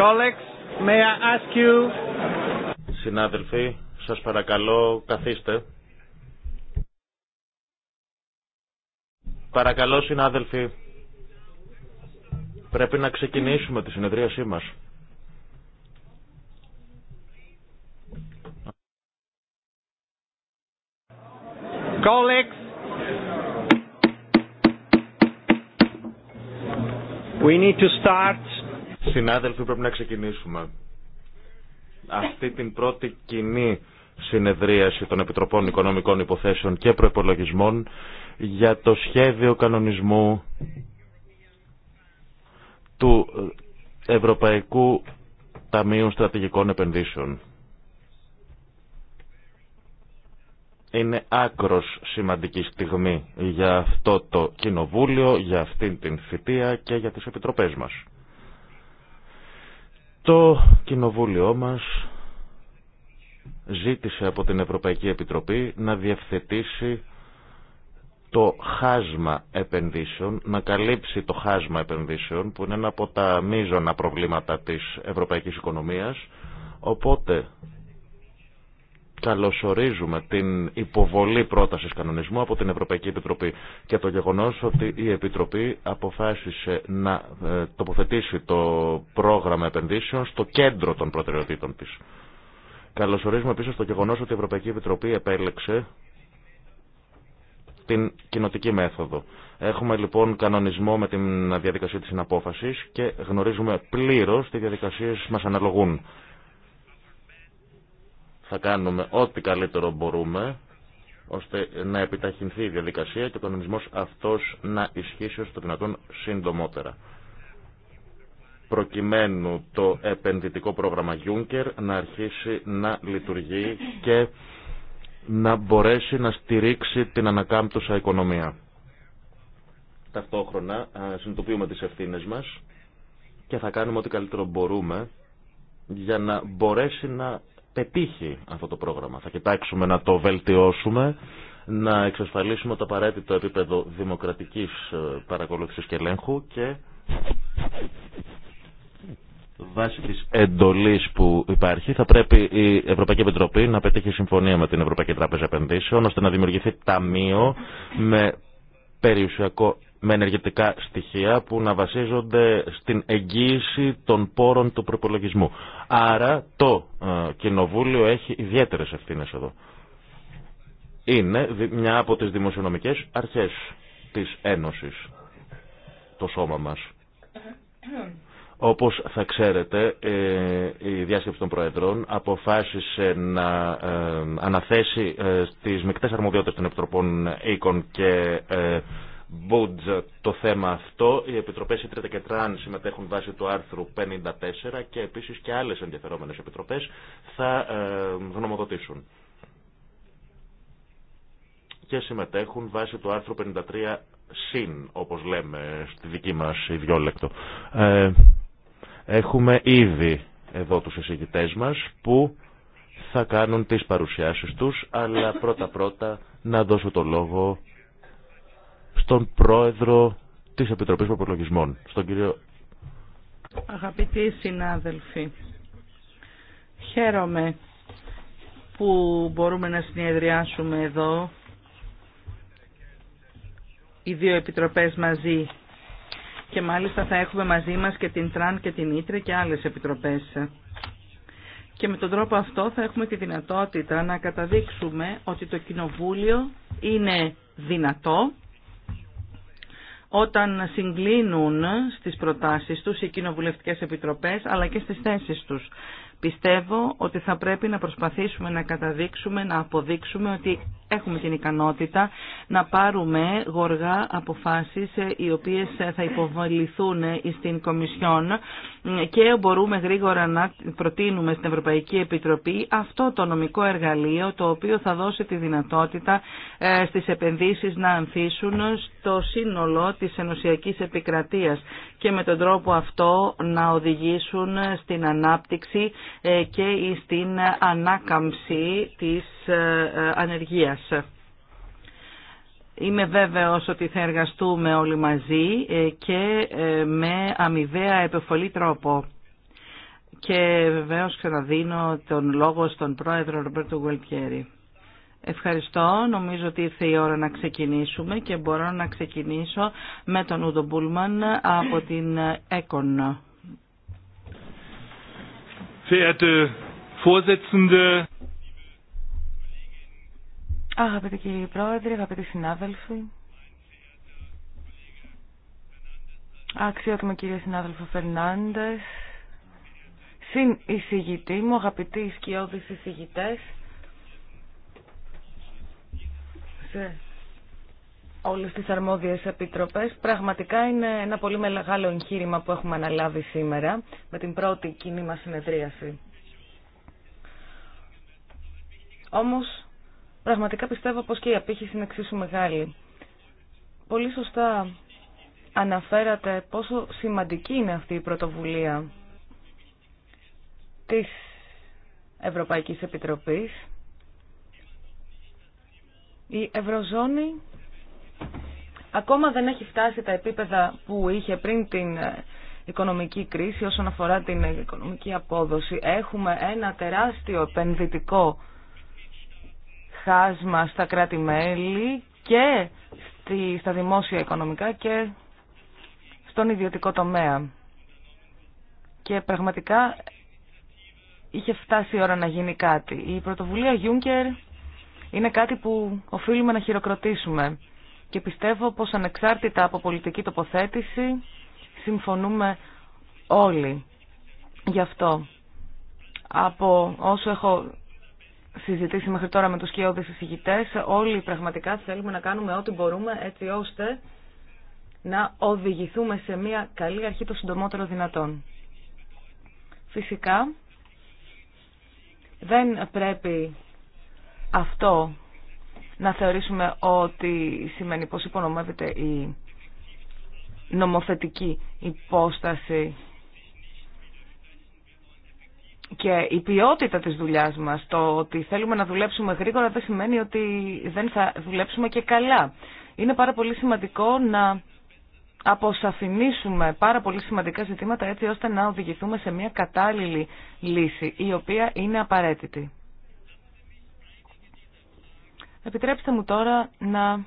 Colleagues, may I ask Συνάδελφοι, σας παρακαλώ καθίστε. Παρακαλώ συνάδελφοι, πρέπει να ξεκινήσουμε τη συνεδρίασή μας. Colleagues, we need to start Συνάδελφοι, πρέπει να ξεκινήσουμε. Αυτή την πρώτη κοινή συνεδρίαση των Επιτροπών Οικονομικών Υποθέσεων και Προπολογισμών για το σχέδιο κανονισμού του Ευρωπαϊκού Ταμείου Στρατηγικών Επενδύσεων. είναι άκρος σημαντική στιγμή για αυτό το κοινοβούλιο, για αυτήν την θητεία και για τις επιτροπές μας. Το κοινοβούλιο μας ζήτησε από την Ευρωπαϊκή Επιτροπή να διευθετήσει το χάσμα επενδύσεων, να καλύψει το χάσμα επενδύσεων που είναι ένα από τα μείζωνα προβλήματα της ευρωπαϊκής οικονομίας. Οπότε καλωσορίζουμε την υποβολή πρότασης κανονισμού από την Ευρωπαϊκή Επιτροπή και το γεγονός ότι η Επιτροπή αποφάσισε να ε, τοποθετήσει το πρόγραμμα επενδύσεων στο κέντρο των προτεραιοτήτων της. Καλωσορίζουμε επίσης το γεγονός ότι η Ευρωπαϊκή Επιτροπή επέλεξε την κοινοτική μέθοδο. Έχουμε λοιπόν κανονισμό με την διαδικασία της συναπόφασης και γνωρίζουμε πλήρως τι διαδικασίες μας αναλογούν. Θα κάνουμε ό,τι καλύτερο μπορούμε ώστε να επιταχυνθεί η διαδικασία και ο κανονισμός αυτός να ισχύσει ως το δυνατόν σύντομότερα προκειμένου το επενδυτικό πρόγραμμα Juncker να αρχίσει να λειτουργεί και να μπορέσει να στηρίξει την ανακάμπτουσα οικονομία. Ταυτόχρονα συνειδητοποιούμε τις ευθύνες μας και θα κάνουμε ό,τι καλύτερο μπορούμε για να μπορέσει να πετύχει αυτό το πρόγραμμα. Θα κοιτάξουμε να το βελτιώσουμε, να εξασφαλίσουμε το απαραίτητο επίπεδο δημοκρατικής ε, παρακολούθησης και ελέγχου και βάσει της εντολής που υπάρχει θα πρέπει η Ευρωπαϊκή Επιτροπή να πετύχει συμφωνία με την Ευρωπαϊκή Τράπεζα Επενδύσεων ώστε να δημιουργηθεί ταμείο με περιουσιακό με ενεργητικά στοιχεία που να βασίζονται στην εγγύηση των πόρων του προπολογισμού. Άρα το ε, Κοινοβούλιο έχει ιδιαίτερες ευθύνες εδώ. Είναι μια από τις δημοσιονομικές αρχές της Ένωσης, το σώμα μας. Όπως θα ξέρετε, ε, η διάσκεψη των Προεδρών αποφάσισε να ε, αναθέσει στις μεικτές αρμοδιότητες των Επιτροπών Οίκων και μπούτζ το θέμα αυτό. Οι επιτροπέ Ιτρέτα και Τραν συμμετέχουν βάσει του άρθρου 54 και επίση και άλλε ενδιαφερόμενε επιτροπέ θα ε, γνωμοδοτήσουν. Και συμμετέχουν βάσει του άρθρου 53 συν, όπως λέμε στη δική μας ιδιόλεκτο. Ε, έχουμε ήδη εδώ τους εισηγητές μας που θα κάνουν τις παρουσιάσεις τους, αλλά πρώτα-πρώτα να δώσω το λόγο στον πρόεδρο της Επιτροπής Προπολογισμών, στον κύριο... Αγαπητοί συνάδελφοι, χαίρομαι που μπορούμε να συνεδριάσουμε εδώ οι δύο επιτροπές μαζί και μάλιστα θα έχουμε μαζί μας και την Τραν και την Ήτρε και άλλες επιτροπές. Και με τον τρόπο αυτό θα έχουμε τη δυνατότητα να καταδείξουμε ότι το Κοινοβούλιο είναι δυνατό όταν συγκλίνουν στις προτάσεις τους οι κοινοβουλευτικές επιτροπές αλλά και στις θέσεις τους. Πιστεύω ότι θα πρέπει να προσπαθήσουμε να καταδείξουμε, να αποδείξουμε ότι έχουμε την ικανότητα να πάρουμε γοργά αποφάσεις ε, οι οποίες ε, θα υποβοληθούν ε, στην Κομισιόν και μπορούμε γρήγορα να προτείνουμε στην Ευρωπαϊκή Επιτροπή αυτό το νομικό εργαλείο το οποίο θα δώσει τη δυνατότητα στις επενδύσεις να ανθίσουν στο σύνολο της ενωσιακής επικρατείας και με τον τρόπο αυτό να οδηγήσουν στην ανάπτυξη και στην ανάκαμψη της ανεργίας. Είμαι βέβαιος ότι θα εργαστούμε όλοι μαζί ε, και ε, με αμοιβαία επιφολή τρόπο. Και βεβαίως ξαναδίνω τον λόγο στον πρόεδρο Ρομπέρτο Γουελπιέρη Ευχαριστώ. Νομίζω ότι ήρθε η ώρα να ξεκινήσουμε και μπορώ να ξεκινήσω με τον Ούντο Μπούλμαν από την ΕΚΟΝ. Vorsitzende, Αγαπητοί κύριοι πρόεδροι, αγαπητοί συνάδελφοι, αξιότιμο κύριε συνάδελφο Φερνάντες, συν εισηγητή μου, αγαπητοί σκιώδεις εισηγητέ, σε Όλε τι αρμόδιε επίτροπε, Πραγματικά είναι ένα πολύ μεγάλο εγχείρημα που έχουμε αναλάβει σήμερα με την πρώτη κοινή μα συνεδρίαση. Όμως Πραγματικά πιστεύω πως και η απήχηση είναι εξίσου μεγάλη. Πολύ σωστά αναφέρατε πόσο σημαντική είναι αυτή η πρωτοβουλία της Ευρωπαϊκής Επιτροπής. Η Ευρωζώνη ακόμα δεν έχει φτάσει τα επίπεδα που είχε πριν την οικονομική κρίση όσον αφορά την οικονομική απόδοση. Έχουμε ένα τεράστιο επενδυτικό χάσμα στα κράτη-μέλη και στα δημόσια οικονομικά και στον ιδιωτικό τομέα. Και πραγματικά είχε φτάσει η ώρα να γίνει κάτι. Η πρωτοβουλία Juncker είναι κάτι που οφείλουμε να χειροκροτήσουμε και πιστεύω πως ανεξάρτητα από πολιτική τοποθέτηση συμφωνούμε όλοι γι' αυτό. Από όσο έχω συζητήσει μέχρι τώρα με τους κοιόδες εισηγητές. Όλοι πραγματικά θέλουμε να κάνουμε ό,τι μπορούμε έτσι ώστε να οδηγηθούμε σε μια καλή αρχή το συντομότερο δυνατόν. Φυσικά δεν πρέπει αυτό να θεωρήσουμε ότι σημαίνει πως υπονομεύεται η νομοθετική υπόσταση και η ποιότητα της δουλειάς μας, το ότι θέλουμε να δουλέψουμε γρήγορα δεν σημαίνει ότι δεν θα δουλέψουμε και καλά. Είναι πάρα πολύ σημαντικό να αποσαφηνίσουμε πάρα πολύ σημαντικά ζητήματα έτσι ώστε να οδηγηθούμε σε μια κατάλληλη λύση η οποία είναι απαραίτητη. Επιτρέψτε μου τώρα να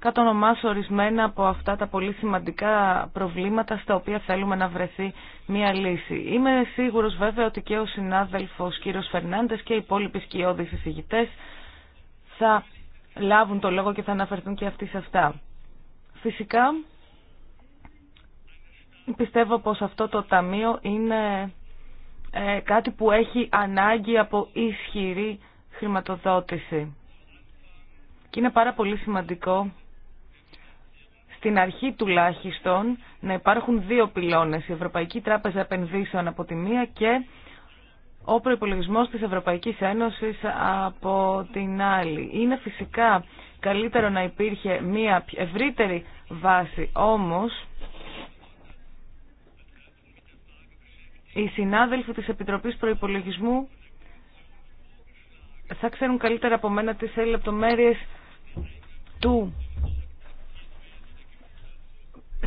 κατονομάσω ορισμένα από αυτά τα πολύ σημαντικά προβλήματα στα οποία θέλουμε να βρεθεί μια λύση. Είμαι σίγουρος βέβαια ότι και ο συνάδελφος κύριος Φερνάντες και οι υπόλοιποι σκιώδεις εισηγητές θα λάβουν το λόγο και θα αναφερθούν και αυτοί σε αυτά. Φυσικά πιστεύω πως αυτό το ταμείο είναι ε, κάτι που έχει ανάγκη από ισχυρή χρηματοδότηση. Και είναι πάρα πολύ σημαντικό στην αρχή τουλάχιστον να υπάρχουν δύο πυλώνες, η Ευρωπαϊκή Τράπεζα Επενδύσεων από τη μία και ο προπολογισμό της Ευρωπαϊκής Ένωσης από την άλλη. Είναι φυσικά καλύτερο να υπήρχε μία ευρύτερη βάση, όμως οι συνάδελφοι της Επιτροπής Προϋπολογισμού θα ξέρουν καλύτερα από μένα τις λεπτομέρειες του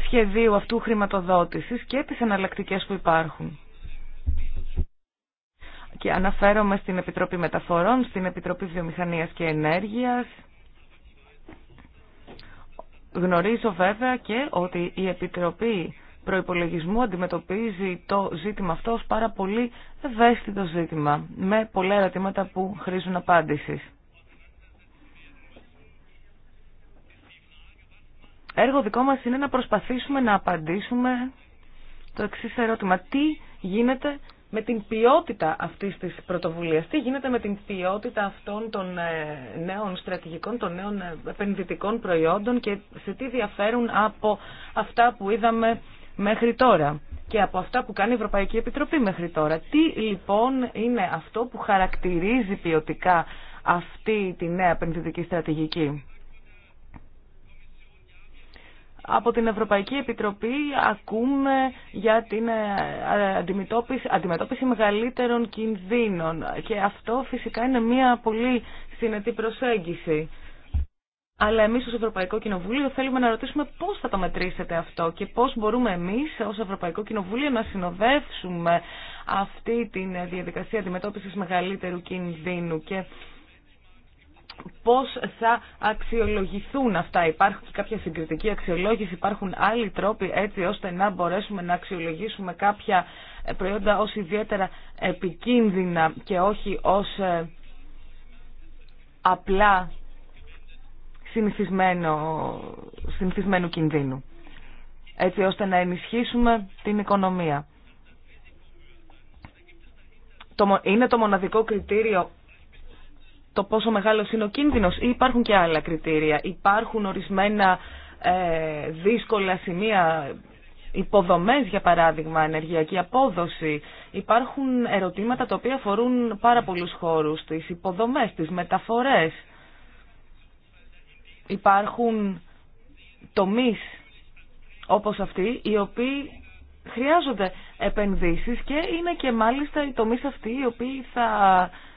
σχεδίου αυτού χρηματοδότησης και τις εναλλακτικέ που υπάρχουν. Και αναφέρομαι στην Επιτροπή Μεταφορών, στην Επιτροπή Βιομηχανίας και Ενέργειας. Γνωρίζω βέβαια και ότι η Επιτροπή Προϋπολογισμού αντιμετωπίζει το ζήτημα αυτό ως πάρα πολύ ευαίσθητο ζήτημα, με πολλά ερωτήματα που χρήζουν απάντησης. έργο δικό μας είναι να προσπαθήσουμε να απαντήσουμε το εξή ερώτημα. Τι γίνεται με την ποιότητα αυτής της πρωτοβουλίας, τι γίνεται με την ποιότητα αυτών των ε, νέων στρατηγικών, των νέων ε, επενδυτικών προϊόντων και σε τι διαφέρουν από αυτά που είδαμε μέχρι τώρα και από αυτά που κάνει η Ευρωπαϊκή Επιτροπή μέχρι τώρα. Τι λοιπόν είναι αυτό που χαρακτηρίζει ποιοτικά αυτή τη νέα επενδυτική στρατηγική από την Ευρωπαϊκή Επιτροπή ακούμε για την ε, αντιμετώπιση, αντιμετώπιση μεγαλύτερων κινδύνων και αυτό φυσικά είναι μια πολύ συνετή προσέγγιση. Αλλά εμείς ως Ευρωπαϊκό Κοινοβούλιο θέλουμε να ρωτήσουμε πώς θα το μετρήσετε αυτό και πώς μπορούμε εμείς ως Ευρωπαϊκό Κοινοβούλιο να συνοδεύσουμε αυτή τη διαδικασία αντιμετώπισης μεγαλύτερου κινδύνου. Και πώς θα αξιολογηθούν αυτά. Υπάρχουν κάποια συγκριτική αξιολόγηση, υπάρχουν άλλοι τρόποι έτσι ώστε να μπορέσουμε να αξιολογήσουμε κάποια προϊόντα ως ιδιαίτερα επικίνδυνα και όχι ως ε, απλά συνηθισμένου κινδύνου. Έτσι ώστε να ενισχύσουμε την οικονομία. Είναι το μοναδικό κριτήριο το πόσο μεγάλος είναι ο κίνδυνος ή υπάρχουν και άλλα κριτήρια. Υπάρχουν ορισμένα ε, δύσκολα σημεία, υποδομές για παράδειγμα, ενεργειακή απόδοση. Υπάρχουν ερωτήματα τα οποία αφορούν πάρα πολλούς χώρους, τις υποδομές, τις μεταφορές. Υπάρχουν τομείς όπως αυτοί οι οποίοι χρειάζονται επενδύσεις και είναι και μάλιστα οι τομείς αυτοί οι οποίοι θα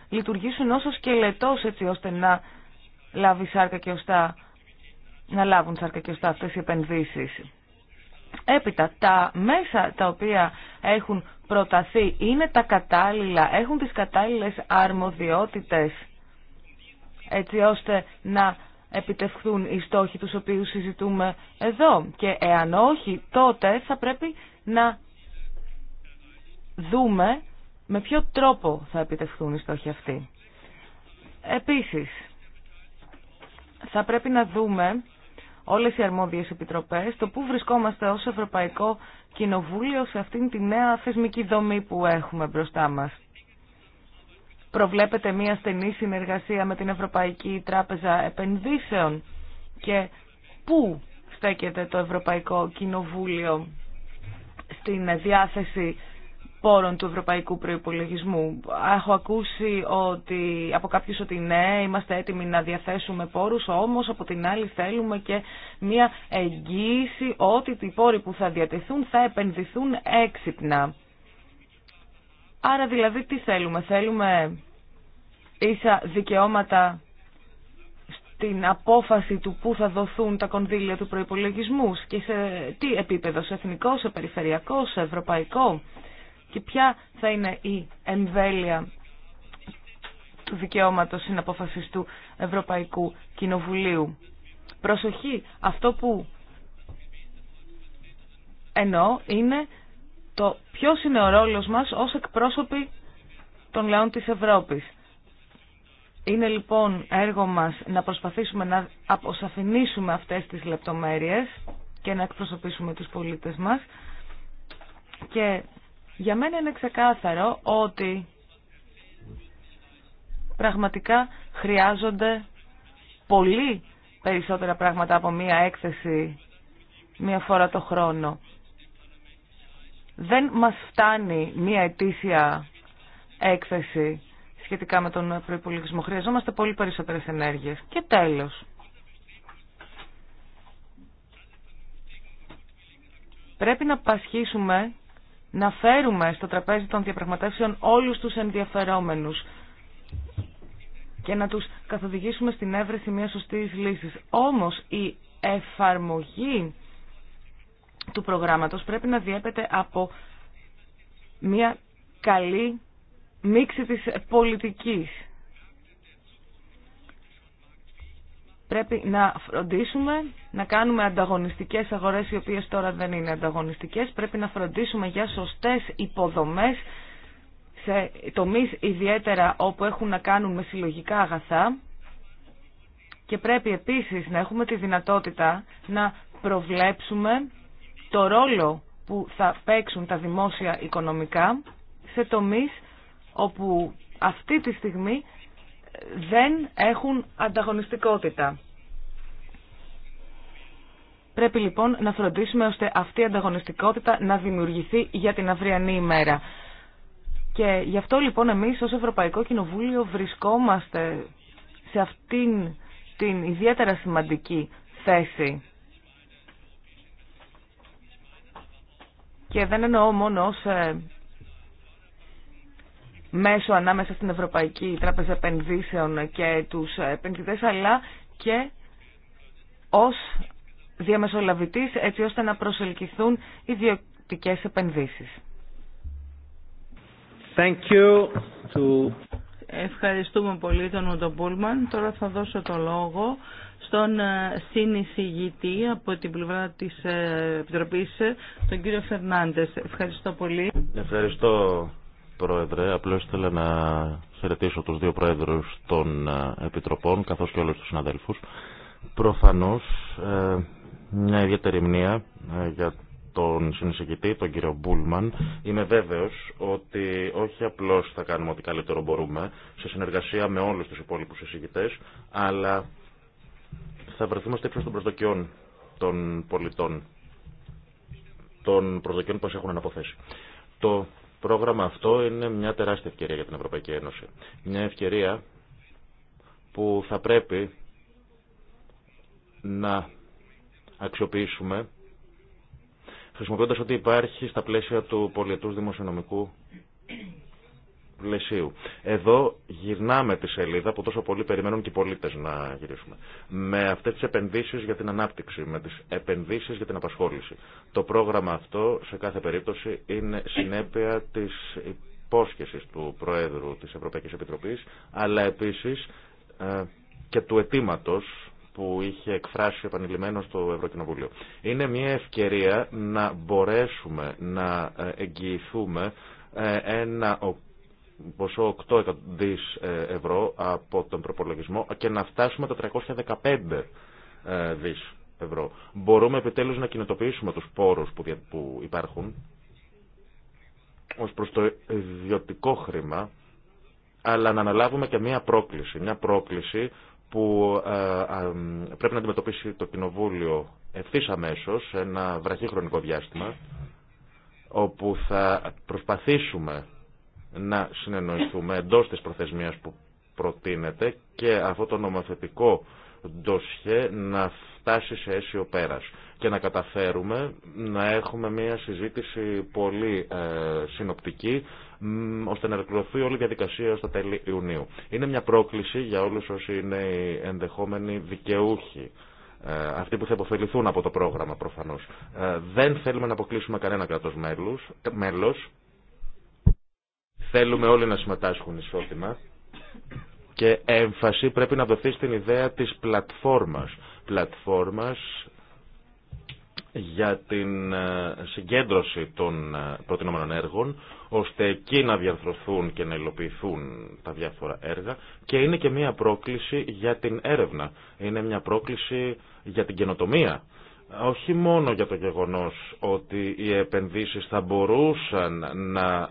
λειτουργήσουν όσο σκελετός έτσι ώστε να λάβει σάρκα και οστά, να λάβουν σάρκα και οστά αυτές οι επενδύσεις. Έπειτα, τα μέσα τα οποία έχουν προταθεί είναι τα κατάλληλα, έχουν τις κατάλληλες αρμοδιότητες έτσι ώστε να επιτευχθούν οι στόχοι τους οποίους συζητούμε εδώ. Και εάν όχι, τότε θα πρέπει να δούμε με ποιο τρόπο θα επιτευχθούν οι στόχοι αυτοί. Επίσης, θα πρέπει να δούμε όλες οι αρμόδιες επιτροπές, το πού βρισκόμαστε ως Ευρωπαϊκό Κοινοβούλιο σε αυτήν τη νέα θεσμική δομή που έχουμε μπροστά μας. Προβλέπεται μια στενή συνεργασία με την Ευρωπαϊκή Τράπεζα Επενδύσεων και πού στέκεται το Ευρωπαϊκό Κοινοβούλιο στην διάθεση πόρων του ευρωπαϊκού προϋπολογισμού. Έχω ακούσει ότι, από κάποιους ότι ναι, είμαστε έτοιμοι να διαθέσουμε πόρους, όμως από την άλλη θέλουμε και μια εγγύηση ότι οι πόροι που θα διατεθούν θα επενδυθούν έξυπνα. Άρα δηλαδή τι θέλουμε, θέλουμε ίσα δικαιώματα στην απόφαση του πού θα δοθούν τα κονδύλια του προϋπολογισμού και σε τι επίπεδο, σε εθνικό, σε περιφερειακό, σε ευρωπαϊκό και ποια θα είναι η εμβέλεια του δικαιώματος συναποφασής του Ευρωπαϊκού Κοινοβουλίου. Προσοχή, αυτό που εννοώ είναι το ποιος είναι ο ρόλος μας ως εκπρόσωποι των λαών της Ευρώπης. Είναι λοιπόν έργο μας να προσπαθήσουμε να αποσαφηνίσουμε αυτές τις λεπτομέρειες και να εκπροσωπήσουμε τους πολίτες μας και για μένα είναι ξεκάθαρο ότι πραγματικά χρειάζονται πολύ περισσότερα πράγματα από μία έκθεση μία φορά το χρόνο. Δεν μας φτάνει μία ετήσια έκθεση σχετικά με τον προϋπολογισμό. Χρειαζόμαστε πολύ περισσότερες ενέργειες. Και τέλος. Πρέπει να πασχίσουμε να φέρουμε στο τραπέζι των διαπραγματεύσεων όλους τους ενδιαφερόμενους και να τους καθοδηγήσουμε στην έβρεση μια σωστή λύσης. Όμως η εφαρμογή του προγράμματος πρέπει να διέπεται από μια καλή μίξη της πολιτικής πρέπει να φροντίσουμε να κάνουμε ανταγωνιστικές αγορές οι οποίες τώρα δεν είναι ανταγωνιστικές. Πρέπει να φροντίσουμε για σωστές υποδομές σε τομείς ιδιαίτερα όπου έχουν να κάνουν με συλλογικά αγαθά και πρέπει επίσης να έχουμε τη δυνατότητα να προβλέψουμε το ρόλο που θα παίξουν τα δημόσια οικονομικά σε τομείς όπου αυτή τη στιγμή δεν έχουν ανταγωνιστικότητα. Πρέπει λοιπόν να φροντίσουμε ώστε αυτή η ανταγωνιστικότητα να δημιουργηθεί για την αυριανή ημέρα. Και γι' αυτό λοιπόν εμείς ως Ευρωπαϊκό Κοινοβούλιο βρισκόμαστε σε αυτήν την ιδιαίτερα σημαντική θέση. Και δεν εννοώ μόνο ως ε, μέσω ανάμεσα στην Ευρωπαϊκή Τράπεζα Επενδύσεων και τους επενδυτέ, αλλά και ως διαμεσολαβητής έτσι ώστε να προσελκυθούν ιδιωτικές επενδύσεις. Thank you to... Ευχαριστούμε πολύ τον Ούντο Μπούλμαν. Τώρα θα δώσω το λόγο στον ε, συνεισηγητή από την πλευρά της ε, Επιτροπής, ε, τον κύριο Φερνάντες. Ευχαριστώ πολύ. Ευχαριστώ Πρόεδρε, απλώς ήθελα να χαιρετήσω τους δύο Πρόεδρους των ε, Επιτροπών, καθώς και όλους τους συναδέλφους. Προφανώς, ε, μια ιδιαίτερη μνήμα ε, για τον συνεισηγητή, τον κύριο Μπούλμαν. Είμαι βέβαιος ότι όχι απλώς θα κάνουμε ό,τι καλύτερο μπορούμε, σε συνεργασία με όλους τους υπόλοιπους εισηγητές, αλλά θα βρεθούμε στο των προσδοκιών των πολιτών, των προσδοκιών που έχουν αναποθέσει. Το πρόγραμμα αυτό είναι μια τεράστια ευκαιρία για την Ευρωπαϊκή Ένωση. Μια ευκαιρία που θα πρέπει να αξιοποιήσουμε χρησιμοποιώντας ότι υπάρχει στα πλαίσια του πολιετούς δημοσιονομικού πλαισίου. Εδώ γυρνάμε τη σελίδα που τόσο πολύ περιμένουν και οι πολίτες να γυρίσουμε. Με αυτές τις επενδύσεις για την ανάπτυξη, με τις επενδύσεις για την απασχόληση. Το πρόγραμμα αυτό σε κάθε περίπτωση είναι συνέπεια της υπόσχεσης του Προέδρου της Ευρωπαϊκής Επιτροπής, αλλά επίσης ε, και του αιτήματο που είχε εκφράσει επανειλημμένο στο Ευρωκοινοβούλιο. Είναι μια ευκαιρία να μπορέσουμε να ε, εγγυηθούμε ε, ένα ποσό 8 δις ε, ευρώ από τον προπολογισμό και να φτάσουμε τα 315 ε, δις ευρώ. Μπορούμε επιτέλους να κινητοποιήσουμε τους πόρους που υπάρχουν ως προς το ιδιωτικό χρήμα, αλλά να αναλάβουμε και μια πρόκληση. Μια πρόκληση που ε, πρέπει να αντιμετωπίσει το Κοινοβούλιο ευθύ αμέσω, ένα βραχή χρονικό διάστημα, όπου θα προσπαθήσουμε να συνεννοηθούμε εντό τη προθεσμίας που προτείνεται και αυτό το νομοθετικό ντοσχέ να φτάσει σε αίσιο πέρας και να καταφέρουμε να έχουμε μια συζήτηση πολύ ε, συνοπτική ώστε να ολοκληρωθεί όλη η διαδικασία στα τέλη Ιουνίου. Είναι μια πρόκληση για όλους όσοι είναι οι ενδεχόμενοι δικαιούχοι ε, αυτοί που θα υποφεληθούν από το πρόγραμμα προφανώς. Ε, δεν θέλουμε να αποκλείσουμε κανένα κράτος μέλος Θέλουμε όλοι να συμμετάσχουν ισότιμα και έμφαση πρέπει να δοθεί στην ιδέα της πλατφόρμας. Πλατφόρμας για την ε, συγκέντρωση των ε, προτινόμενων έργων, ώστε εκεί να διαρθρωθούν και να υλοποιηθούν τα διάφορα έργα και είναι και μια πρόκληση για την έρευνα. Είναι μια πρόκληση για την καινοτομία όχι μόνο για το γεγονός ότι οι επενδύσεις θα μπορούσαν να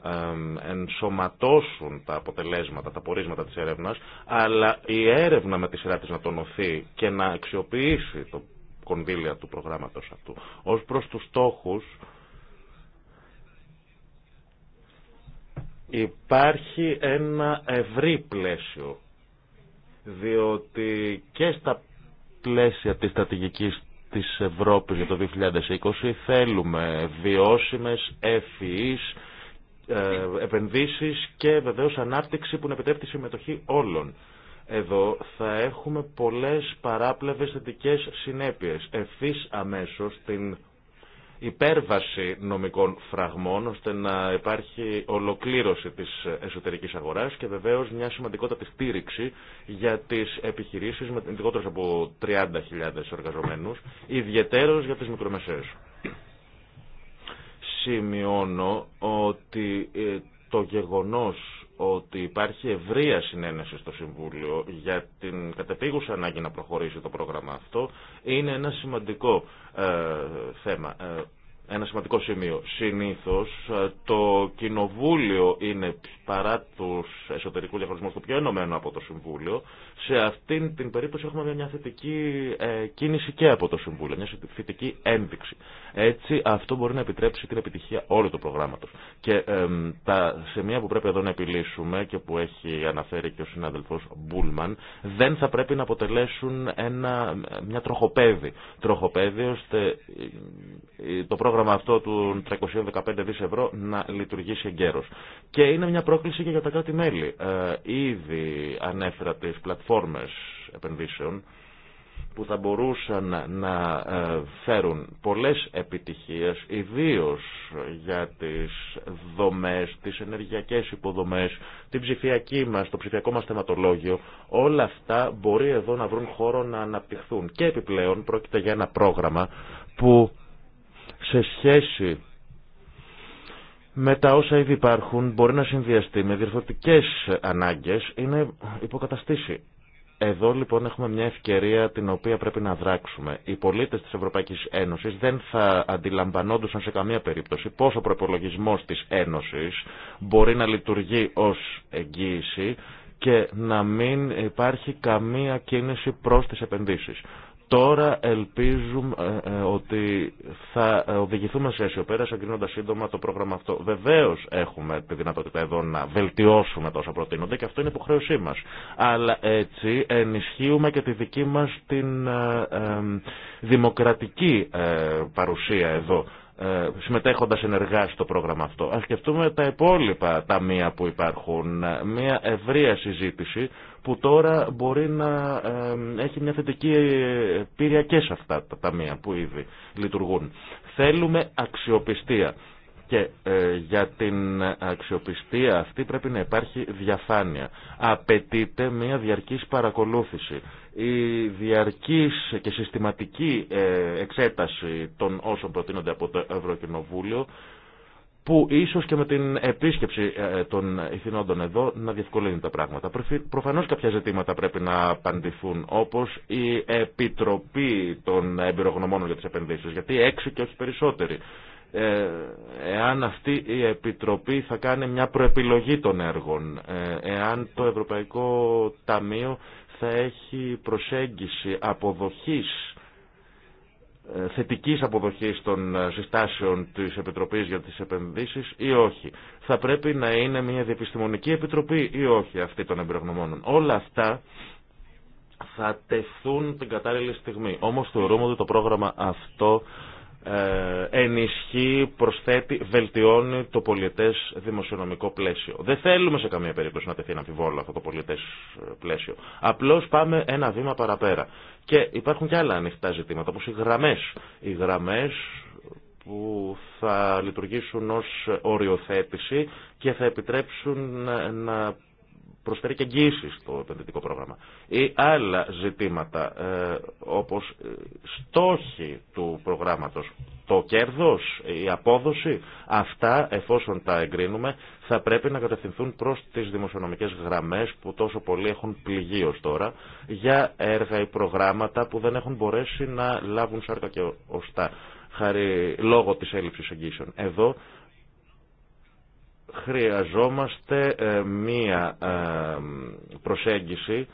ενσωματώσουν τα αποτελέσματα, τα πορίσματα της έρευνας, αλλά η έρευνα με τη σειρά της να τονωθεί και να αξιοποιήσει το κονδύλια του προγράμματος αυτού. Ως προς τους στόχους, υπάρχει ένα ευρύ πλαίσιο, διότι και στα πλαίσια της στρατηγικής της Ευρώπης για το 2020 θέλουμε βιώσιμες, ευφυείς, ε, επενδύσεις και βεβαίως ανάπτυξη που να επιτρέπει τη συμμετοχή όλων. Εδώ θα έχουμε πολλές παράπλευρες θετικές συνέπειες. Ευθύς αμέσως την υπέρβαση νομικών φραγμών ώστε να υπάρχει ολοκλήρωση της εσωτερικής αγοράς και βεβαίως μια σημαντικότατη στήριξη για τις επιχειρήσεις με λιγότερους από 30.000 εργαζομένους, ιδιαιτέρως για τις μικρομεσαίες. Σημειώνω ότι ε, το γεγονός ότι υπάρχει ευρεία συνένεση στο Συμβούλιο για την κατεπίγουσα ανάγκη να προχωρήσει το πρόγραμμα αυτό είναι ένα σημαντικό ε, θέμα. Ε, ένα σημαντικό σημείο. Συνήθως ε, το Κοινοβούλιο είναι παρά τους εσωτερικούς διαχωρισμούς το πιο ενωμένο από το Συμβούλιο. Σε αυτήν την περίπτωση έχουμε μια θετική ε, κίνηση και από το Συμβούλιο, μια θετική ένδειξη. Έτσι αυτό μπορεί να επιτρέψει την επιτυχία όλου του προγράμματος. Και τα σημεία που πρέπει εδώ να επιλύσουμε και που έχει αναφέρει και ο συνάδελφος Μπούλμαν δεν θα πρέπει να αποτελέσουν ένα, μια τροχοπέδη. Τροχοπέδη ώστε ε, το πρόγραμμα αυτό του 315 δις ευρώ να λειτουργήσει εγκαίρως. Και είναι μια πρόκληση και για τα κράτη-μέλη. Ε, ήδη ανέφερα τις πλατφόρμες επενδύσεων που θα μπορούσαν να ε, φέρουν πολλές επιτυχίες, ιδίως για τις δομές, τις ενεργειακές υποδομές, την ψηφιακή μας, το ψηφιακό μας θεματολόγιο. Όλα αυτά μπορεί εδώ να βρουν χώρο να αναπτυχθούν. Και επιπλέον πρόκειται για ένα πρόγραμμα που σε σχέση με τα όσα ήδη υπάρχουν μπορεί να συνδυαστεί με διορθωτικές ανάγκες είναι υποκαταστήσει. Εδώ λοιπόν έχουμε μια ευκαιρία την οποία πρέπει να δράξουμε. Οι πολίτες της Ευρωπαϊκής Ένωσης δεν θα αντιλαμβανόντουσαν σε καμία περίπτωση πόσο ο της Ένωσης μπορεί να λειτουργεί ως εγγύηση και να μην υπάρχει καμία κίνηση προς τις επενδύσεις. Τώρα ελπίζουμε ε, ε, ότι θα ε, οδηγηθούμε σε αισιοπέρα εγκρίνοντα σύντομα το πρόγραμμα αυτό. Βεβαίω έχουμε τη δυνατότητα εδώ να βελτιώσουμε τόσα προτείνονται και αυτό είναι υποχρέωσή μα. Αλλά έτσι ενισχύουμε και τη δική μα την δημοκρατική παρουσία εδώ ε, συμμετέχοντας ενεργά στο πρόγραμμα αυτό. Ας σκεφτούμε τα υπόλοιπα ταμεία που υπάρχουν. Ε, μια ευρεία συζήτηση που τώρα μπορεί να ε, έχει μια θετική πυρια και σε αυτά τα ταμεία που ήδη λειτουργούν. Θέλουμε αξιοπιστία. Και ε, για την αξιοπιστία αυτή πρέπει να υπάρχει διαφάνεια. Απαιτείται μια διαρκής παρακολούθηση. Η διαρκής και συστηματική ε, εξέταση των όσων προτείνονται από το Ευρωκοινοβούλιο που ίσως και με την επίσκεψη ε, των ηθινόντων εδώ να διευκολύνει τα πράγματα. Προφανώς κάποια ζητήματα πρέπει να απαντηθούν, όπως η Επιτροπή των Εμπειρογνωμόνων για τις Επενδύσεις, γιατί έξι και όχι περισσότεροι ε, εάν αυτή η Επιτροπή θα κάνει μια προεπιλογή των έργων, ε, εάν το Ευρωπαϊκό Ταμείο θα έχει προσέγγιση αποδοχής ε, θετικής αποδοχής των συστάσεων της Επιτροπής για τις επενδύσεις ή όχι. Θα πρέπει να είναι μια διεπιστημονική επιτροπή ή όχι αυτή των εμπειρογνωμόνων. Όλα αυτά θα τεθούν την κατάλληλη στιγμή. Όμως θεωρούμε ότι το πρόγραμμα αυτό ε, ενισχύει, προσθέτει, βελτιώνει το πολιτέ δημοσιονομικό πλαίσιο. Δεν θέλουμε σε καμία περίπτωση να τεθεί ένα αμφιβόλο αυτό το πολιτέ ε, πλαίσιο. Απλώς πάμε ένα βήμα παραπέρα. Και υπάρχουν και άλλα ανοιχτά ζητήματα, όπως οι γραμμές. Οι γραμμές που θα λειτουργήσουν ως οριοθέτηση και θα επιτρέψουν να προσφέρει και εγγύηση στο επενδυτικό πρόγραμμα. Ή άλλα ζητήματα, ε, όπως ε, στόχοι του προγράμματος, το κέρδος, η απόδοση, αυτά εφόσον τα εγκρίνουμε θα πρέπει να κατευθυνθούν προς τις δημοσιονομικές γραμμές που τόσο πολύ έχουν πληγεί ως τώρα για έργα ή προγράμματα που δεν έχουν μπορέσει να λάβουν σάρκα και οστά λόγω της έλλειψης εγγύσεων. Εδώ χρειαζόμαστε ε, μία ε, προσέγγιση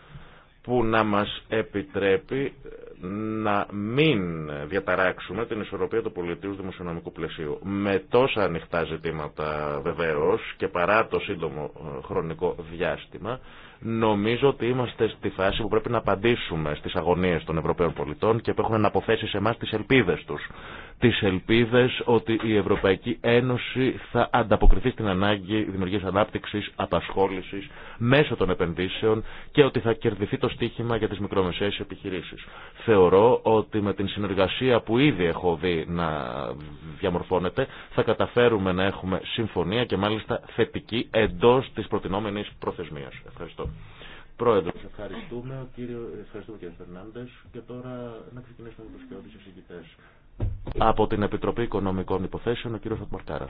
που να μας επιτρέπει ε, να μην διαταράξουμε την ισορροπία του πολιτικού δημοσιονομικού πλαισίου. Με τόσα ανοιχτά ζητήματα βεβαίως και παρά το σύντομο χρονικό διάστημα, νομίζω ότι είμαστε στη φάση που πρέπει να απαντήσουμε στις αγωνίες των Ευρωπαίων πολιτών και που έχουν αποθέσει σε εμάς τις ελπίδες τους τις ελπίδες ότι η Ευρωπαϊκή Ένωση θα ανταποκριθεί στην ανάγκη δημιουργίας ανάπτυξης, απασχόλησης μέσω των επενδύσεων και ότι θα κερδιθεί το στίχημα για τις μικρομεσαίες επιχειρήσεις. Θεωρώ ότι με την συνεργασία που ήδη έχω δει να διαμορφώνεται θα καταφέρουμε να έχουμε συμφωνία και μάλιστα θετική εντός της προτινόμενης προθεσμίας. Ευχαριστώ. Πρόεδρο, ευχαριστούμε, κύριο, ευχαριστούμε κύριε Φερνάντες Και τώρα να ξεκινήσουμε με του από την Επιτροπή Οικονομικών Υποθέσεων, ο κύριος Ατμαρκάρα.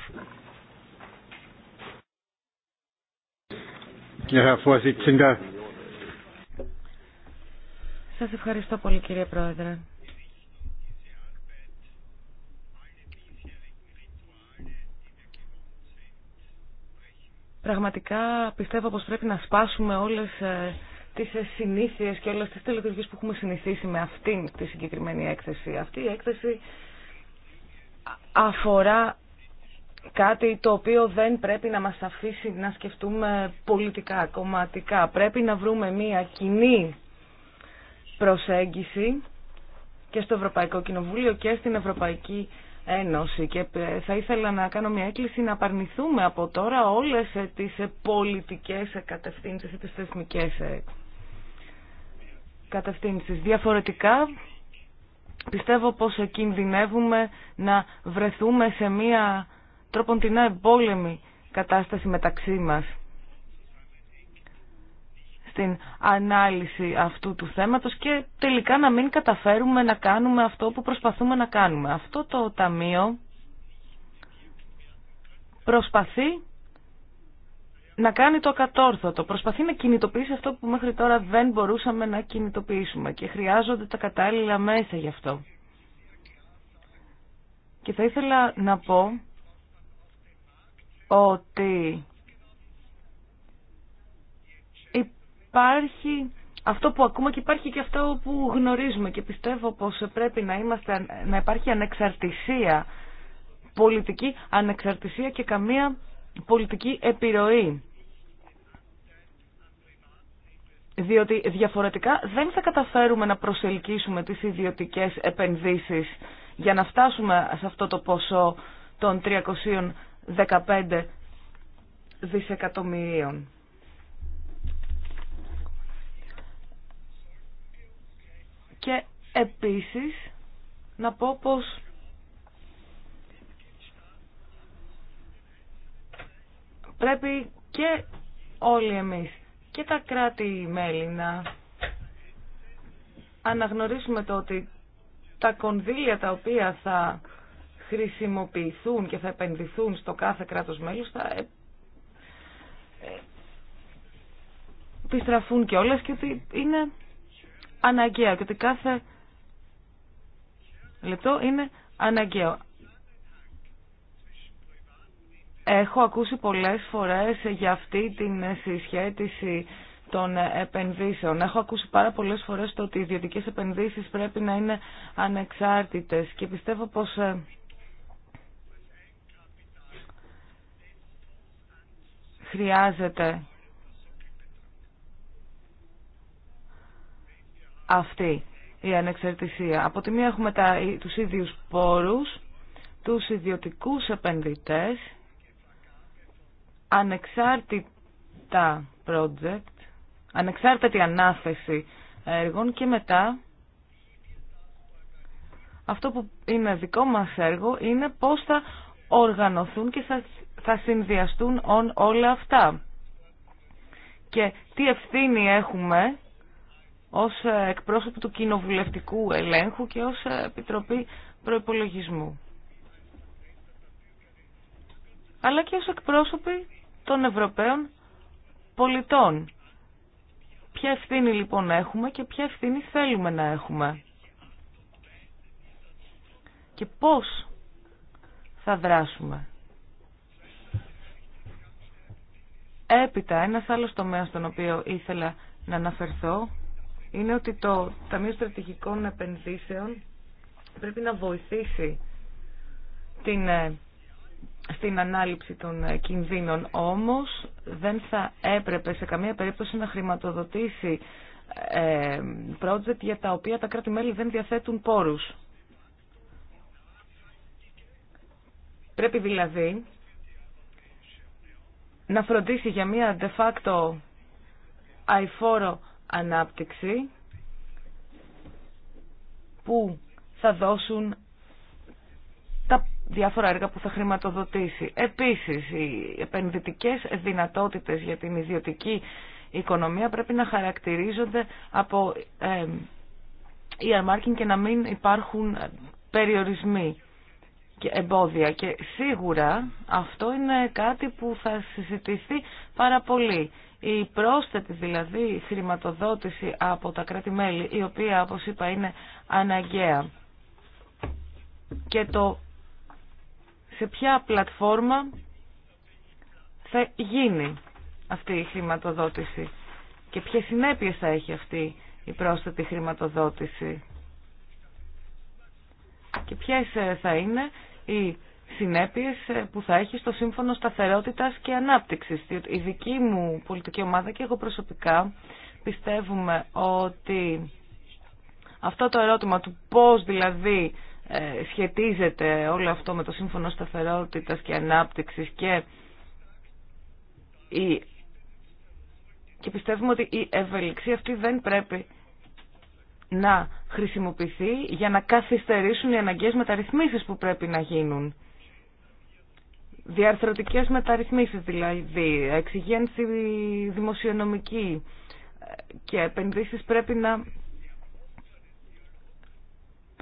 Σα ευχαριστώ πολύ κύριε Πρόεδρε. Πραγματικά πιστεύω πως πρέπει να σπάσουμε όλες ε, τι συνήθειε και όλες τις τελετουργίε που έχουμε συνηθίσει με αυτήν τη συγκεκριμένη έκθεση. Αυτή η έκθεση αφορά κάτι το οποίο δεν πρέπει να μας αφήσει να σκεφτούμε πολιτικά, κομματικά. Πρέπει να βρούμε μια κοινή προσέγγιση και στο Ευρωπαϊκό Κοινοβούλιο και στην Ευρωπαϊκή Ένωση και θα ήθελα να κάνω μια έκκληση να απαρνηθούμε από τώρα όλες τις πολιτικές κατευθύνσεις ή τις θεσμικές Διαφορετικά πιστεύω πως κινδυνεύουμε να βρεθούμε σε μία τρόπον την εμπόλεμη κατάσταση μεταξύ μας στην ανάλυση αυτού του θέματος και τελικά να μην καταφέρουμε να κάνουμε αυτό που προσπαθούμε να κάνουμε. Αυτό το Ταμείο προσπαθεί να κάνει το ακατόρθωτο. Προσπαθεί να κινητοποιήσει αυτό που μέχρι τώρα δεν μπορούσαμε να κινητοποιήσουμε και χρειάζονται τα κατάλληλα μέσα γι' αυτό. Και θα ήθελα να πω ότι υπάρχει αυτό που ακούμε και υπάρχει και αυτό που γνωρίζουμε και πιστεύω πως πρέπει να, να υπάρχει ανεξαρτησία πολιτική, ανεξαρτησία και καμία πολιτική επιρροή. διότι διαφορετικά δεν θα καταφέρουμε να προσελκύσουμε τις ιδιωτικές επενδύσεις για να φτάσουμε σε αυτό το ποσό των 315 δισεκατομμυρίων. Και επίσης να πω πως πρέπει και όλοι εμείς και τα κράτη-μέλη να αναγνωρίσουμε το ότι τα κονδύλια τα οποία θα χρησιμοποιηθούν και θα επενδυθούν στο κάθε κράτος μέλος θα ε, ε, επιστραφούν και όλες και ότι είναι αναγκαία και ότι κάθε λεπτό είναι αναγκαίο. Έχω ακούσει πολλές φορές για αυτή την συσχέτιση των επενδύσεων. Έχω ακούσει πάρα πολλές φορές το ότι οι ιδιωτικές επενδύσεις πρέπει να είναι ανεξάρτητες και πιστεύω πως ε, χρειάζεται αυτή η ανεξαρτησία. Από τη μία έχουμε τα, τους ίδιους πόρους, τους ιδιωτικούς επενδυτές ανεξάρτητα project, ανεξάρτητη ανάθεση έργων και μετά αυτό που είναι δικό μας έργο είναι πώς θα οργανωθούν και θα συνδυαστούν όλα αυτά. Και τι ευθύνη έχουμε ως εκπρόσωπο του κοινοβουλευτικού ελέγχου και ως Επιτροπή Προϋπολογισμού. Αλλά και ως εκπρόσωποι των Ευρωπαίων πολιτών. Ποια ευθύνη λοιπόν έχουμε και ποια ευθύνη θέλουμε να έχουμε. Και πώς θα δράσουμε. Έπειτα, ένας άλλος τομέας στον οποίο ήθελα να αναφερθώ είναι ότι το Ταμείο Στρατηγικών Επενδύσεων πρέπει να βοηθήσει την ε, στην ανάληψη των ε, κινδύνων όμως δεν θα έπρεπε σε καμία περίπτωση να χρηματοδοτήσει ε, project για τα οποία τα κράτη-μέλη δεν διαθέτουν πόρους. Πρέπει δηλαδή να φροντίσει για μια de facto αηφόρο ανάπτυξη που θα δώσουν τα διάφορα έργα που θα χρηματοδοτήσει. Επίσης, οι επενδυτικές δυνατότητες για την ιδιωτική οικονομία πρέπει να χαρακτηρίζονται από ε, earmarking και να μην υπάρχουν ε, περιορισμοί και εμπόδια. Και σίγουρα αυτό είναι κάτι που θα συζητηθεί πάρα πολύ. Η πρόσθετη δηλαδή χρηματοδότηση από τα κράτη-μέλη, η οποία όπως είπα είναι αναγκαία. Και το σε ποια πλατφόρμα θα γίνει αυτή η χρηματοδότηση και ποιες συνέπειες θα έχει αυτή η πρόσθετη χρηματοδότηση και ποιες ε, θα είναι οι συνέπειες ε, που θα έχει στο Σύμφωνο Σταθερότητας και Ανάπτυξης. Η δική μου πολιτική ομάδα και εγώ προσωπικά πιστεύουμε ότι αυτό το ερώτημα του πώς δηλαδή ε, σχετίζεται όλο αυτό με το Σύμφωνο Σταθερότητας και Ανάπτυξης και, η... και πιστεύουμε ότι η ευελιξία αυτή δεν πρέπει να χρησιμοποιηθεί για να καθυστερήσουν οι αναγκαίες μεταρρυθμίσεις που πρέπει να γίνουν. Διαρθρωτικές μεταρρυθμίσεις δηλαδή, εξυγένση δημοσιονομική ε, και επενδύσεις πρέπει να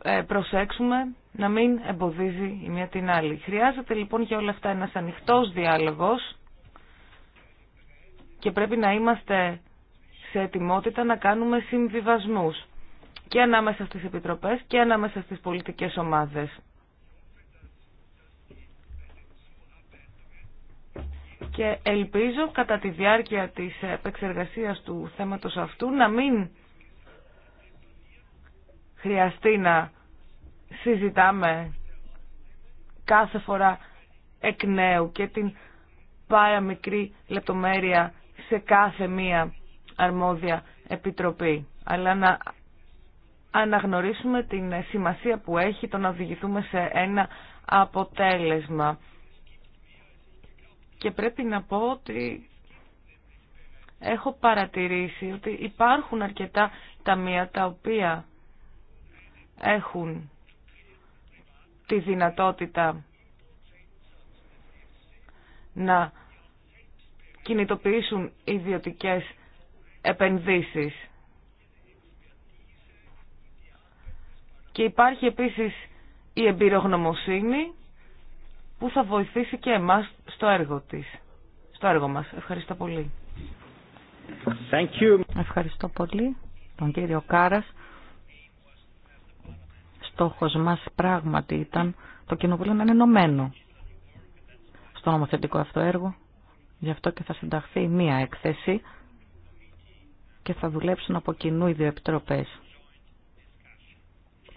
ε, προσέξουμε να μην εμποδίζει η μία την άλλη. Χρειάζεται λοιπόν για όλα αυτά ένας ανοιχτός διάλογος και πρέπει να είμαστε σε ετοιμότητα να κάνουμε συμβιβασμούς και ανάμεσα στις επιτροπές και ανάμεσα στις πολιτικές ομάδες. Και ελπίζω κατά τη διάρκεια της επεξεργασίας του θέματος αυτού να μην χρειαστεί να συζητάμε κάθε φορά εκ νέου και την πάρα μικρή λεπτομέρεια σε κάθε μία αρμόδια επιτροπή. Αλλά να αναγνωρίσουμε την σημασία που έχει το να οδηγηθούμε σε ένα αποτέλεσμα. Και πρέπει να πω ότι έχω παρατηρήσει ότι υπάρχουν αρκετά ταμεία τα οποία έχουν τη δυνατότητα να κινητοποιήσουν ιδιωτικές επενδύσεις. Και υπάρχει επίσης η εμπειρογνωμοσύνη που θα βοηθήσει και εμάς στο έργο της, στο έργο μας. Ευχαριστώ πολύ. Thank you. Ευχαριστώ πολύ τον κύριο Κάρας στόχος μας πράγματι ήταν το Κοινοβούλιο να είναι ενωμένο στο νομοθετικό αυτό έργο. Γι' αυτό και θα συνταχθεί μία έκθεση και θα δουλέψουν από κοινού οι δύο επιτροπές.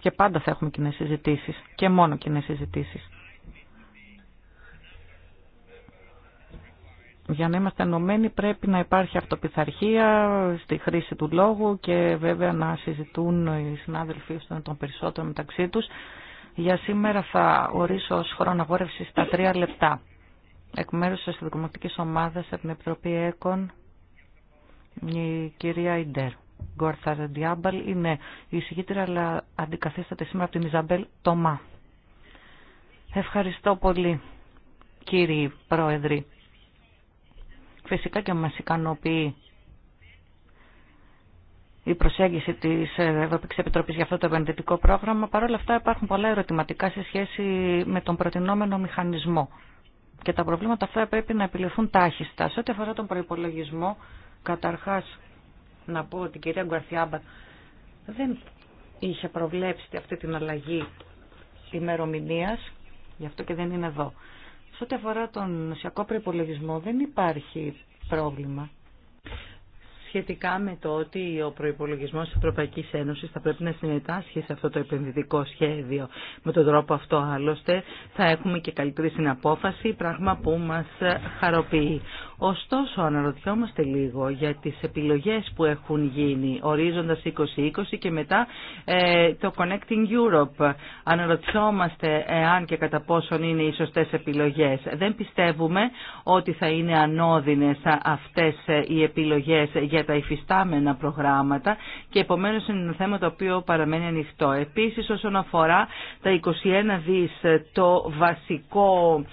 Και πάντα θα έχουμε κοινέ συζητήσεις και μόνο κοινέ συζητήσεις. Για να είμαστε ενωμένοι πρέπει να υπάρχει αυτοπιθαρχία στη χρήση του λόγου και βέβαια να συζητούν οι συνάδελφοι τον περισσότερο μεταξύ τους. Για σήμερα θα ορίσω ως χρόνο αγόρευση στα τρία λεπτά. Εκ μέρους της Δημοκρατικής Ομάδας από την Επιτροπή ΕΚΟΝ, η κυρία Ιντέρ. Γκόρθαρ είναι η εισηγήτρια αλλά αντικαθίσταται σήμερα από την Ιζαμπέλ Τομά. Ευχαριστώ πολύ κύριοι πρόεδροι. Φυσικά και μας ικανοποιεί η προσέγγιση της Ευρωπαϊκής Επιτροπής για αυτό το επενδυτικό πρόγραμμα. Παρ' όλα αυτά υπάρχουν πολλά ερωτηματικά σε σχέση με τον προτινόμενο μηχανισμό. Και τα προβλήματα αυτά πρέπει να επιλεφθούν τάχιστα. Σε ό,τι αφορά τον προϋπολογισμό, καταρχάς να πω ότι η κυρία Γκουαρθιάμπα δεν είχε προβλέψει αυτή την αλλαγή ημερομηνία, γι' αυτό και δεν είναι εδώ ό,τι αφορά τον νοσιακό προπολογισμό δεν υπάρχει πρόβλημα σχετικά με το ότι ο προϋπολογισμός της Ευρωπαϊκής Ένωσης θα πρέπει να συνετάσχει σε αυτό το επενδυτικό σχέδιο. Με τον τρόπο αυτό άλλωστε θα έχουμε και καλύτερη συναπόφαση, πράγμα που μας χαροποιεί. Ωστόσο αναρωτιόμαστε λίγο για τις επιλογές που έχουν γίνει ορίζοντας 2020 και μετά ε, το Connecting Europe. Αναρωτιόμαστε εάν και κατά πόσον είναι οι σωστές επιλογές. Δεν πιστεύουμε ότι θα είναι ανώδυνες αυτές ε, οι επιλογές για τα υφιστάμενα προγράμματα και επομένως είναι ένα θέμα το οποίο παραμένει ανοιχτό. Επίσης όσον αφορά τα 21 δις ε, το βασικό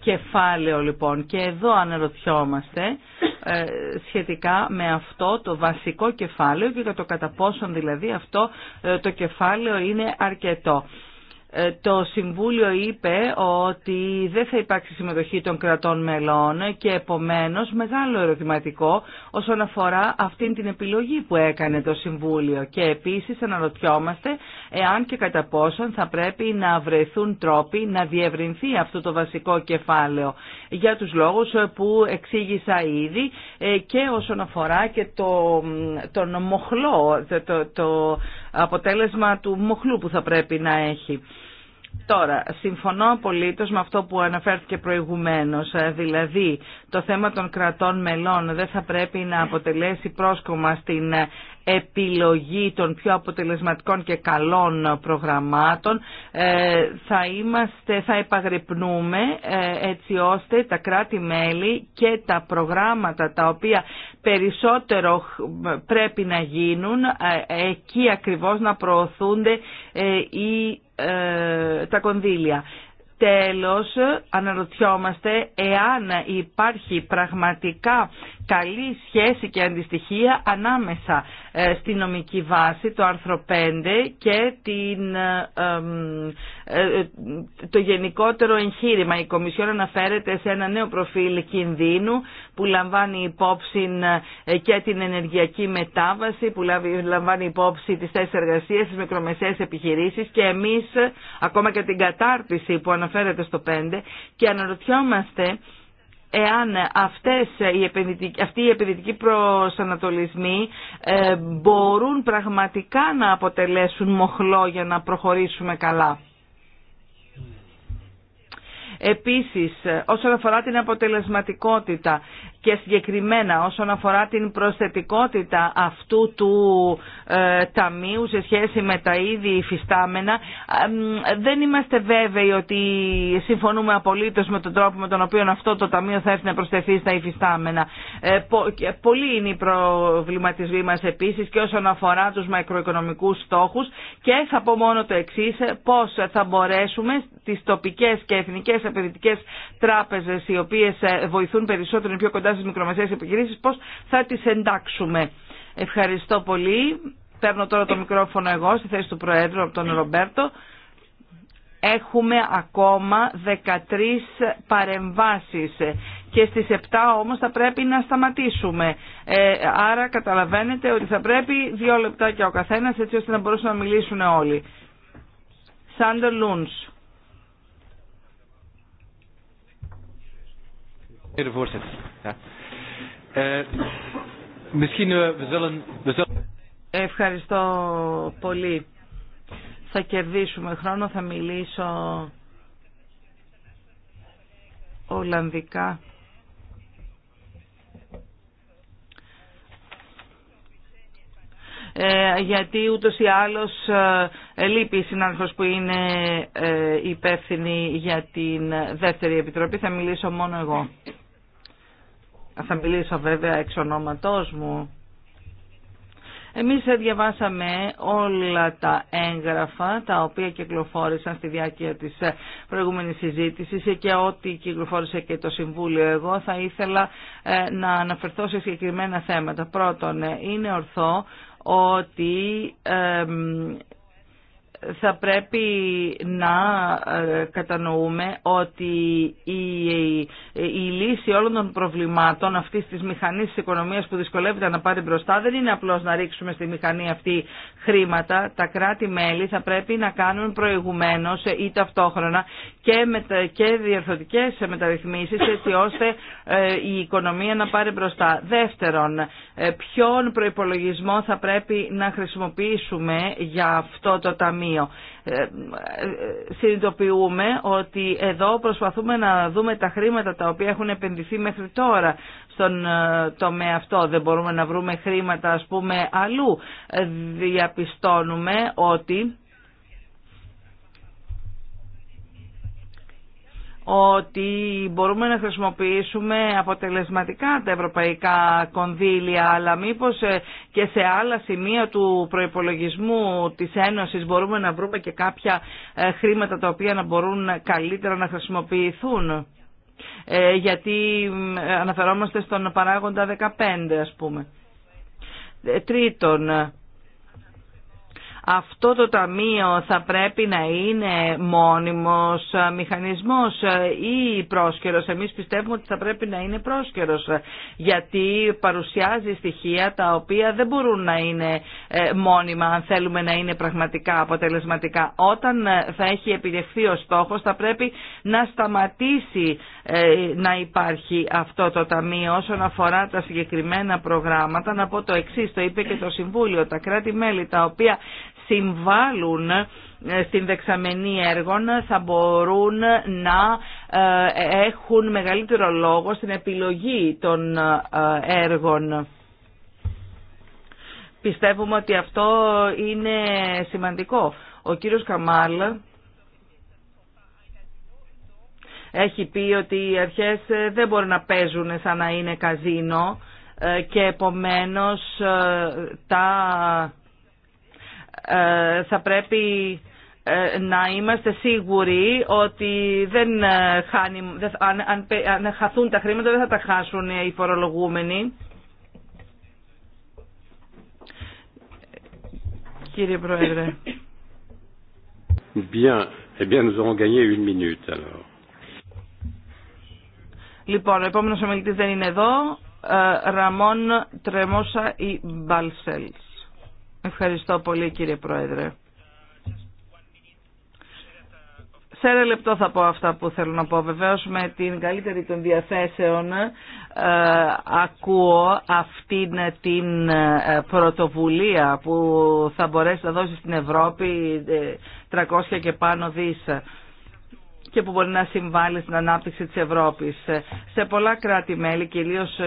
κεφάλαιο λοιπόν και εδώ αναρωτιόμαστε βρισκόμαστε ε, σχετικά με αυτό το βασικό κεφάλαιο και για το κατά πόσον δηλαδή αυτό ε, το κεφάλαιο είναι αρκετό. Ε, το Συμβούλιο είπε ότι δεν θα υπάρξει συμμετοχή των κρατών μελών και επομένως μεγάλο ερωτηματικό όσον αφορά αυτήν την επιλογή που έκανε το Συμβούλιο και επίσης αναρωτιόμαστε εάν και κατά πόσον θα πρέπει να βρεθούν τρόποι να διευρυνθεί αυτό το βασικό κεφάλαιο για τους λόγους που εξήγησα ήδη ε, και όσον αφορά και το, τον μοχλό, το, το αποτέλεσμα του μοχλού που θα πρέπει να έχει. Τώρα, συμφωνώ απολύτως με αυτό που αναφέρθηκε προηγουμένως, ε, δηλαδή το θέμα των κρατών μελών δεν θα πρέπει να αποτελέσει πρόσκομα στην ε, επιλογή των πιο αποτελεσματικών και καλών προγραμμάτων ε, θα, είμαστε, θα επαγρυπνούμε ε, έτσι ώστε τα κράτη-μέλη και τα προγράμματα τα οποία περισσότερο πρέπει να γίνουν ε, εκεί ακριβώς να προωθούνται οι, τα κονδύλια. Τέλος, αναρωτιόμαστε εάν υπάρχει πραγματικά καλή σχέση και αντιστοιχεία ανάμεσα ε, στη νομική βάση, το άρθρο 5 και ε, ε, το γενικότερο εγχείρημα. Η Κομισιόν αναφέρεται σε ένα νέο προφίλ κινδύνου που λαμβάνει υπόψη και την ενεργειακή μετάβαση, που λαμβάνει υπόψη τις θέσεις εργασίας, τις μικρομεσαίες επιχειρήσεις και εμείς ακόμα και την κατάρτιση που αναφέρεται στο 5 και αναρωτιόμαστε εάν αυτές οι αυτοί οι επενδυτικοί προσανατολισμοί ε, μπορούν πραγματικά να αποτελέσουν μοχλό για να προχωρήσουμε καλά. Επίσης, όσον αφορά την αποτελεσματικότητα, και συγκεκριμένα όσον αφορά την προσθετικότητα αυτού του ε, ταμείου σε σχέση με τα ήδη υφιστάμενα ε, δεν είμαστε βέβαιοι ότι συμφωνούμε απολύτως με τον τρόπο με τον οποίο αυτό το ταμείο θα έρθει να προσθεθεί στα υφιστάμενα. Ε, πο, πολλοί είναι οι προβληματισμοί μας επίσης και όσον αφορά τους μακροοικονομικούς στόχους και θα πω μόνο το εξή πώς θα μπορέσουμε τις τοπικές και εθνικές επενδυτικές τράπεζες οι οποίες ε, βοηθούν περισσότερο πιο κοντά στις επιχειρήσει πώ πώς θα τις εντάξουμε. Ευχαριστώ πολύ. Παίρνω τώρα το μικρόφωνο εγώ στη θέση του Προέδρου από τον Ρομπέρτο. Έχουμε ακόμα 13 παρεμβάσεις και στις 7 όμως θα πρέπει να σταματήσουμε. Ε, άρα καταλαβαίνετε ότι θα πρέπει δύο και ο καθένας έτσι ώστε να μπορούσαν να μιλήσουν όλοι. Σάντερ Λούνς. Ευχαριστώ πολύ. Θα κερδίσουμε χρόνο, θα μιλήσω Ολλανδικά. Ε, γιατί ούτως ή άλλως ε, λείπει η συνάδελφος που είναι ε, λειπει η που ειναι ε υπευθυνη για την δεύτερη επιτροπή. Θα μιλήσω μόνο εγώ θα μιλήσω βέβαια εξ ονόματός μου. Εμείς διαβάσαμε όλα τα έγγραφα τα οποία κυκλοφόρησαν στη διάρκεια της προηγούμενης συζήτησης και ό,τι κυκλοφόρησε και το Συμβούλιο. Εγώ θα ήθελα ε, να αναφερθώ σε συγκεκριμένα θέματα. Πρώτον, ε, είναι ορθό ότι ε, θα πρέπει να ε, κατανοούμε ότι η, λύση όλων των προβλημάτων αυτής της μηχανής της οικονομίας που δυσκολεύεται να πάρει μπροστά δεν είναι απλώς να ρίξουμε στη μηχανή αυτή χρήματα. Τα κράτη-μέλη θα πρέπει να κάνουν και διαφορετικέ μεταρρυθμίσει έτσι ώστε ή ταυτόχρονα και, μετα, και μεταρρυθμίσεις έτσι ώστε ε, η οικονομία να πάρει μπροστά. Δεύτερον, ε, ποιον προπολογισμό θα πρέπει να χρησιμοποιήσουμε για αυτό το ταμείο ε, ε, Συνειδητοποιούμε ότι εδώ προσπαθούμε να δούμε τα χρήματα τα οποία έχουν επενδυθεί μέχρι τώρα στον ε, τομέα αυτό. Δεν μπορούμε να βρούμε χρήματα ας πούμε αλλού. Ε, διαπιστώνουμε ότι ότι μπορούμε να χρησιμοποιήσουμε αποτελεσματικά τα ευρωπαϊκά κονδύλια, αλλά μήπως ε, και σε άλλα σημεία του προϋπολογισμού της Ένωσης μπορούμε να βρούμε και κάποια ε, χρήματα τα οποία να μπορούν καλύτερα να χρησιμοποιηθούν. Ε, γιατί αναφερόμαστε στον παράγοντα 15 ας πούμε. Τρίτον, αυτό το ταμείο θα πρέπει να είναι μόνιμος μηχανισμός ή πρόσκαιρος. Εμείς πιστεύουμε ότι θα πρέπει να είναι πρόσκαιρος γιατί παρουσιάζει στοιχεία τα οποία δεν μπορούν να είναι ε, μόνιμα αν θέλουμε να είναι πραγματικά αποτελεσματικά. Όταν ε, θα έχει επιτευχθεί ο στόχος θα πρέπει να σταματήσει ε, να υπάρχει αυτό το ταμείο όσον αφορά τα συγκεκριμένα προγράμματα. Να πω το το είπε το Συμβούλιο, τα κράτη-μέλη τα οποία συμβάλλουν ε, στην δεξαμενή έργων θα μπορούν να ε, έχουν μεγαλύτερο λόγο στην επιλογή των ε, έργων. Πιστεύουμε ότι αυτό είναι σημαντικό. Ο κύριος Καμάλ έχει πει ότι οι αρχές δεν μπορούν να παίζουν σαν να είναι καζίνο και επομένως τα ε, θα πρέπει ε, να είμαστε σίγουροι ότι δεν ε, χάνει, αν, χαθούν τα χρήματα δεν θα τα χάσουν οι φορολογούμενοι. Κύριε Πρόεδρε. Eh λοιπόν, ο επόμενος ομιλητής δεν είναι εδώ. Ραμόν Τρεμόσα ή Μπαλσέλς. Ευχαριστώ πολύ κύριε Πρόεδρε. Σε λεπτό θα πω αυτά που θέλω να πω. Βεβαίω με την καλύτερη των διαθέσεων ε, ακούω αυτήν την ε, πρωτοβουλία που θα μπορέσει να δώσει στην Ευρώπη 300 ε, και πάνω δις και που μπορεί να συμβάλλει στην ανάπτυξη της Ευρώπης. Σε πολλά κράτη-μέλη, κυρίως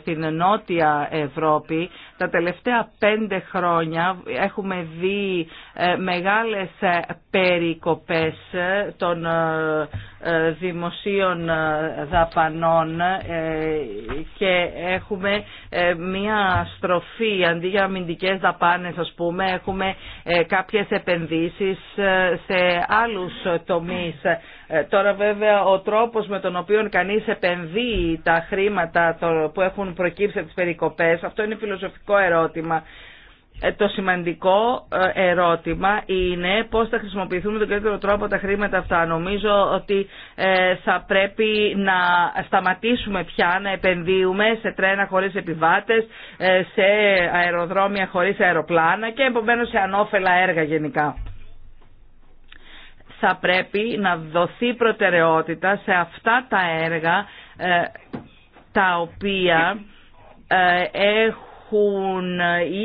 στην Νότια Ευρώπη, τα τελευταία πέντε χρόνια έχουμε δει ε, μεγάλες ε, περικοπές ε, των ε, δημοσίων ε, δαπανών ε, και έχουμε μία στροφή αντί για αμυντικές δαπάνες ας πούμε έχουμε κάποιες επενδύσεις σε άλλους τομείς. Τώρα βέβαια ο τρόπος με τον οποίο κανείς επενδύει τα χρήματα που έχουν προκύψει από τις περικοπές αυτό είναι φιλοσοφικό ερώτημα ε, το σημαντικό ε, ερώτημα είναι πώς θα χρησιμοποιηθούν με τον καλύτερο τρόπο τα χρήματα αυτά. Νομίζω ότι ε, θα πρέπει να σταματήσουμε πια να επενδύουμε σε τρένα χωρίς επιβάτες, σε αεροδρόμια χωρίς αεροπλάνα και επομένως σε ανώφελα έργα γενικά θα πρέπει να δοθεί προτεραιότητα σε αυτά τα έργα τα οποία έχουν έχουν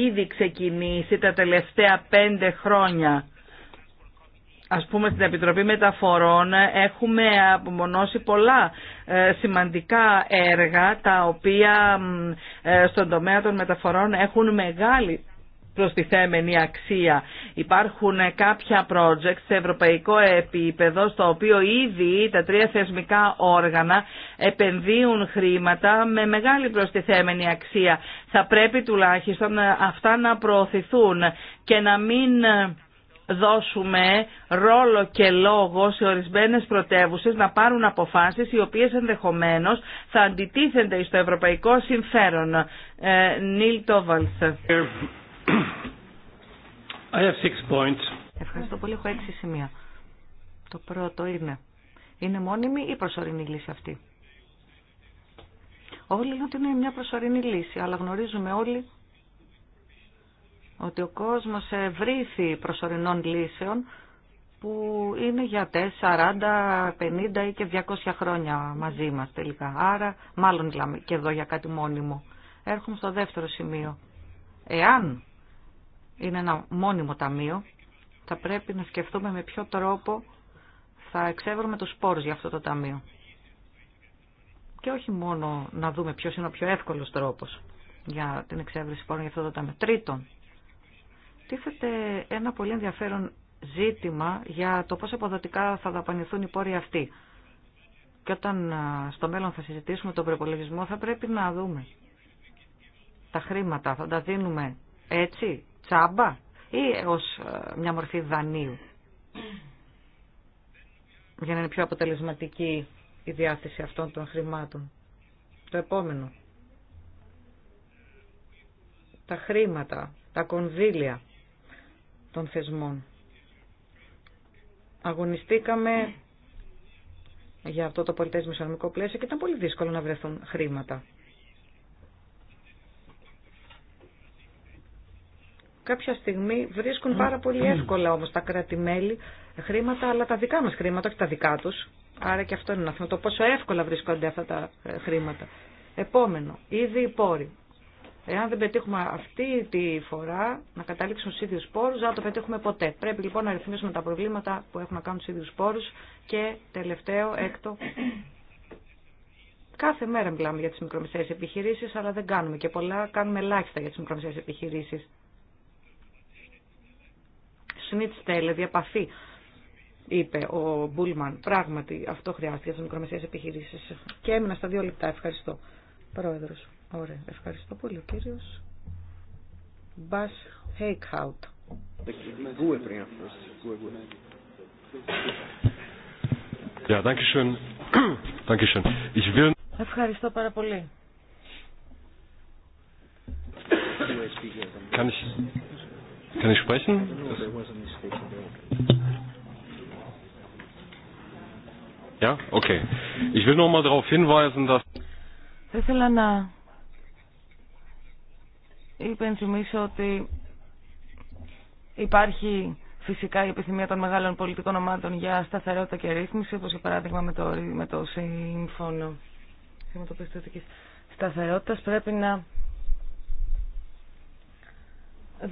ήδη ξεκινήσει τα τελευταία πέντε χρόνια. Ας πούμε στην Επιτροπή Μεταφορών έχουμε απομονώσει πολλά ε, σημαντικά έργα τα οποία ε, στον τομέα των μεταφορών έχουν μεγάλη προστιθέμενη αξία. Υπάρχουν κάποια project σε ευρωπαϊκό επίπεδο στο οποίο ήδη τα τρία θεσμικά όργανα επενδύουν χρήματα με μεγάλη προστιθέμενη αξία. Θα πρέπει τουλάχιστον αυτά να προωθηθούν και να μην δώσουμε ρόλο και λόγο σε ορισμένες πρωτεύουσες να πάρουν αποφάσεις οι οποίες ενδεχομένως θα αντιτίθενται στο ευρωπαϊκό συμφέρον. Ε, Νίλ Τόβαλς. Ευχαριστώ πολύ. Έχω έξι σημεία. Το πρώτο είναι, είναι μόνιμη ή προσωρινή λύση αυτή. Όλοι λένε ότι είναι μια προσωρινή λύση, αλλά γνωρίζουμε όλοι ότι ο κόσμος ευρύθη προσωρινών λύσεων που είναι για 4, 40, 50 ή και 200 χρόνια μαζί μας τελικά. Άρα μάλλον μιλάμε και εδώ για κάτι μόνιμο. Έρχομαι στο δεύτερο σημείο. Εάν είναι ένα μόνιμο ταμείο, θα πρέπει να σκεφτούμε με ποιο τρόπο θα εξεύρουμε τους σπόρους για αυτό το ταμείο. Και όχι μόνο να δούμε ποιο είναι ο πιο εύκολος τρόπος για την εξέβριση σπόρων για αυτό το ταμείο. Τρίτον, τίθεται ένα πολύ ενδιαφέρον ζήτημα για το πώς αποδοτικά θα δαπανηθούν οι πόροι αυτοί. Και όταν στο μέλλον θα συζητήσουμε τον προπολογισμό θα πρέπει να δούμε τα χρήματα, θα τα δίνουμε έτσι τσάμπα ή ως ε, μια μορφή δανείου για να είναι πιο αποτελεσματική η διάθεση αυτών των χρημάτων. Το επόμενο. Τα χρήματα, τα κονδύλια των θεσμών. Αγωνιστήκαμε για αυτό το πολιτές μισονομικό πλαίσιο και ήταν πολύ δύσκολο να βρεθούν χρήματα. κάποια στιγμή βρίσκουν πάρα πολύ εύκολα όμως τα κράτη-μέλη χρήματα, αλλά τα δικά μας χρήματα, όχι τα δικά τους. Άρα και αυτό είναι ένα θέμα, το πόσο εύκολα βρίσκονται αυτά τα ε, χρήματα. Επόμενο, ήδη οι πόροι. Εάν δεν πετύχουμε αυτή τη φορά να καταλήξουμε στου ίδιου πόρου, δεν θα το πετύχουμε ποτέ. Πρέπει λοιπόν να ρυθμίσουμε τα προβλήματα που έχουν να κάνουν στου ίδιου πόρου. Και τελευταίο, έκτο, Κάθε μέρα μιλάμε για τι μικρομεσαίε επιχειρήσει, αλλά δεν κάνουμε και πολλά. Κάνουμε ελάχιστα για τι μικρομεσαίε επιχειρήσει τέλε, επαφή είπε ο Μπούλμαν. Πράγματι, αυτό χρειάστηκε στι μικρομεσαίε επιχειρήσει. Και έμεινα στα δύο λεπτά. Ευχαριστώ. Πρόεδρο. Ωραία. Ευχαριστώ πολύ, κύριο. Μπα Χέικχαουτ. Ευχαριστώ πάρα πολύ. Θα ήθελα να υπενθυμίσω ότι υπάρχει φυσικά η επιθυμία των μεγάλων πολιτικών ομάδων για σταθερότητα και ρύθμιση, όπως για παράδειγμα με το, με το σύμφωνο χρηματοπιστωτικής σταθερότητας. Πρέπει να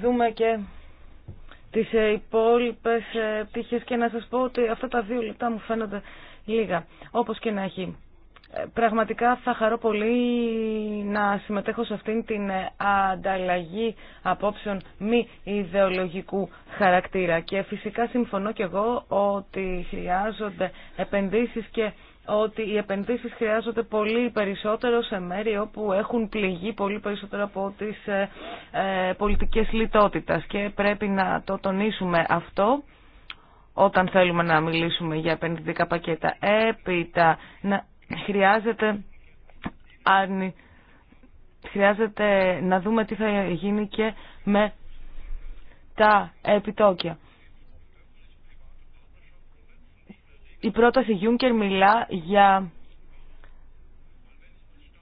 δούμε και τις ε, υπόλοιπες ε, πτυχές και να σας πω ότι αυτά τα δύο λεπτά μου φαίνονται λίγα. Όπως και να έχει. Ε, πραγματικά θα χαρώ πολύ να συμμετέχω σε αυτήν την ανταλλαγή απόψεων μη ιδεολογικού χαρακτήρα. Και φυσικά συμφωνώ και εγώ ότι χρειάζονται επενδύσεις και ότι οι επενδύσεις χρειάζονται πολύ περισσότερο σε μέρη όπου έχουν πληγεί πολύ περισσότερο από τις ε, ε, πολιτικές λιτότητας και πρέπει να το τονίσουμε αυτό όταν θέλουμε να μιλήσουμε για επενδυτικά πακέτα. Έπειτα να χρειάζεται, αν, χρειάζεται να δούμε τι θα γίνει και με τα επιτόκια. η πρόταση Juncker μιλά για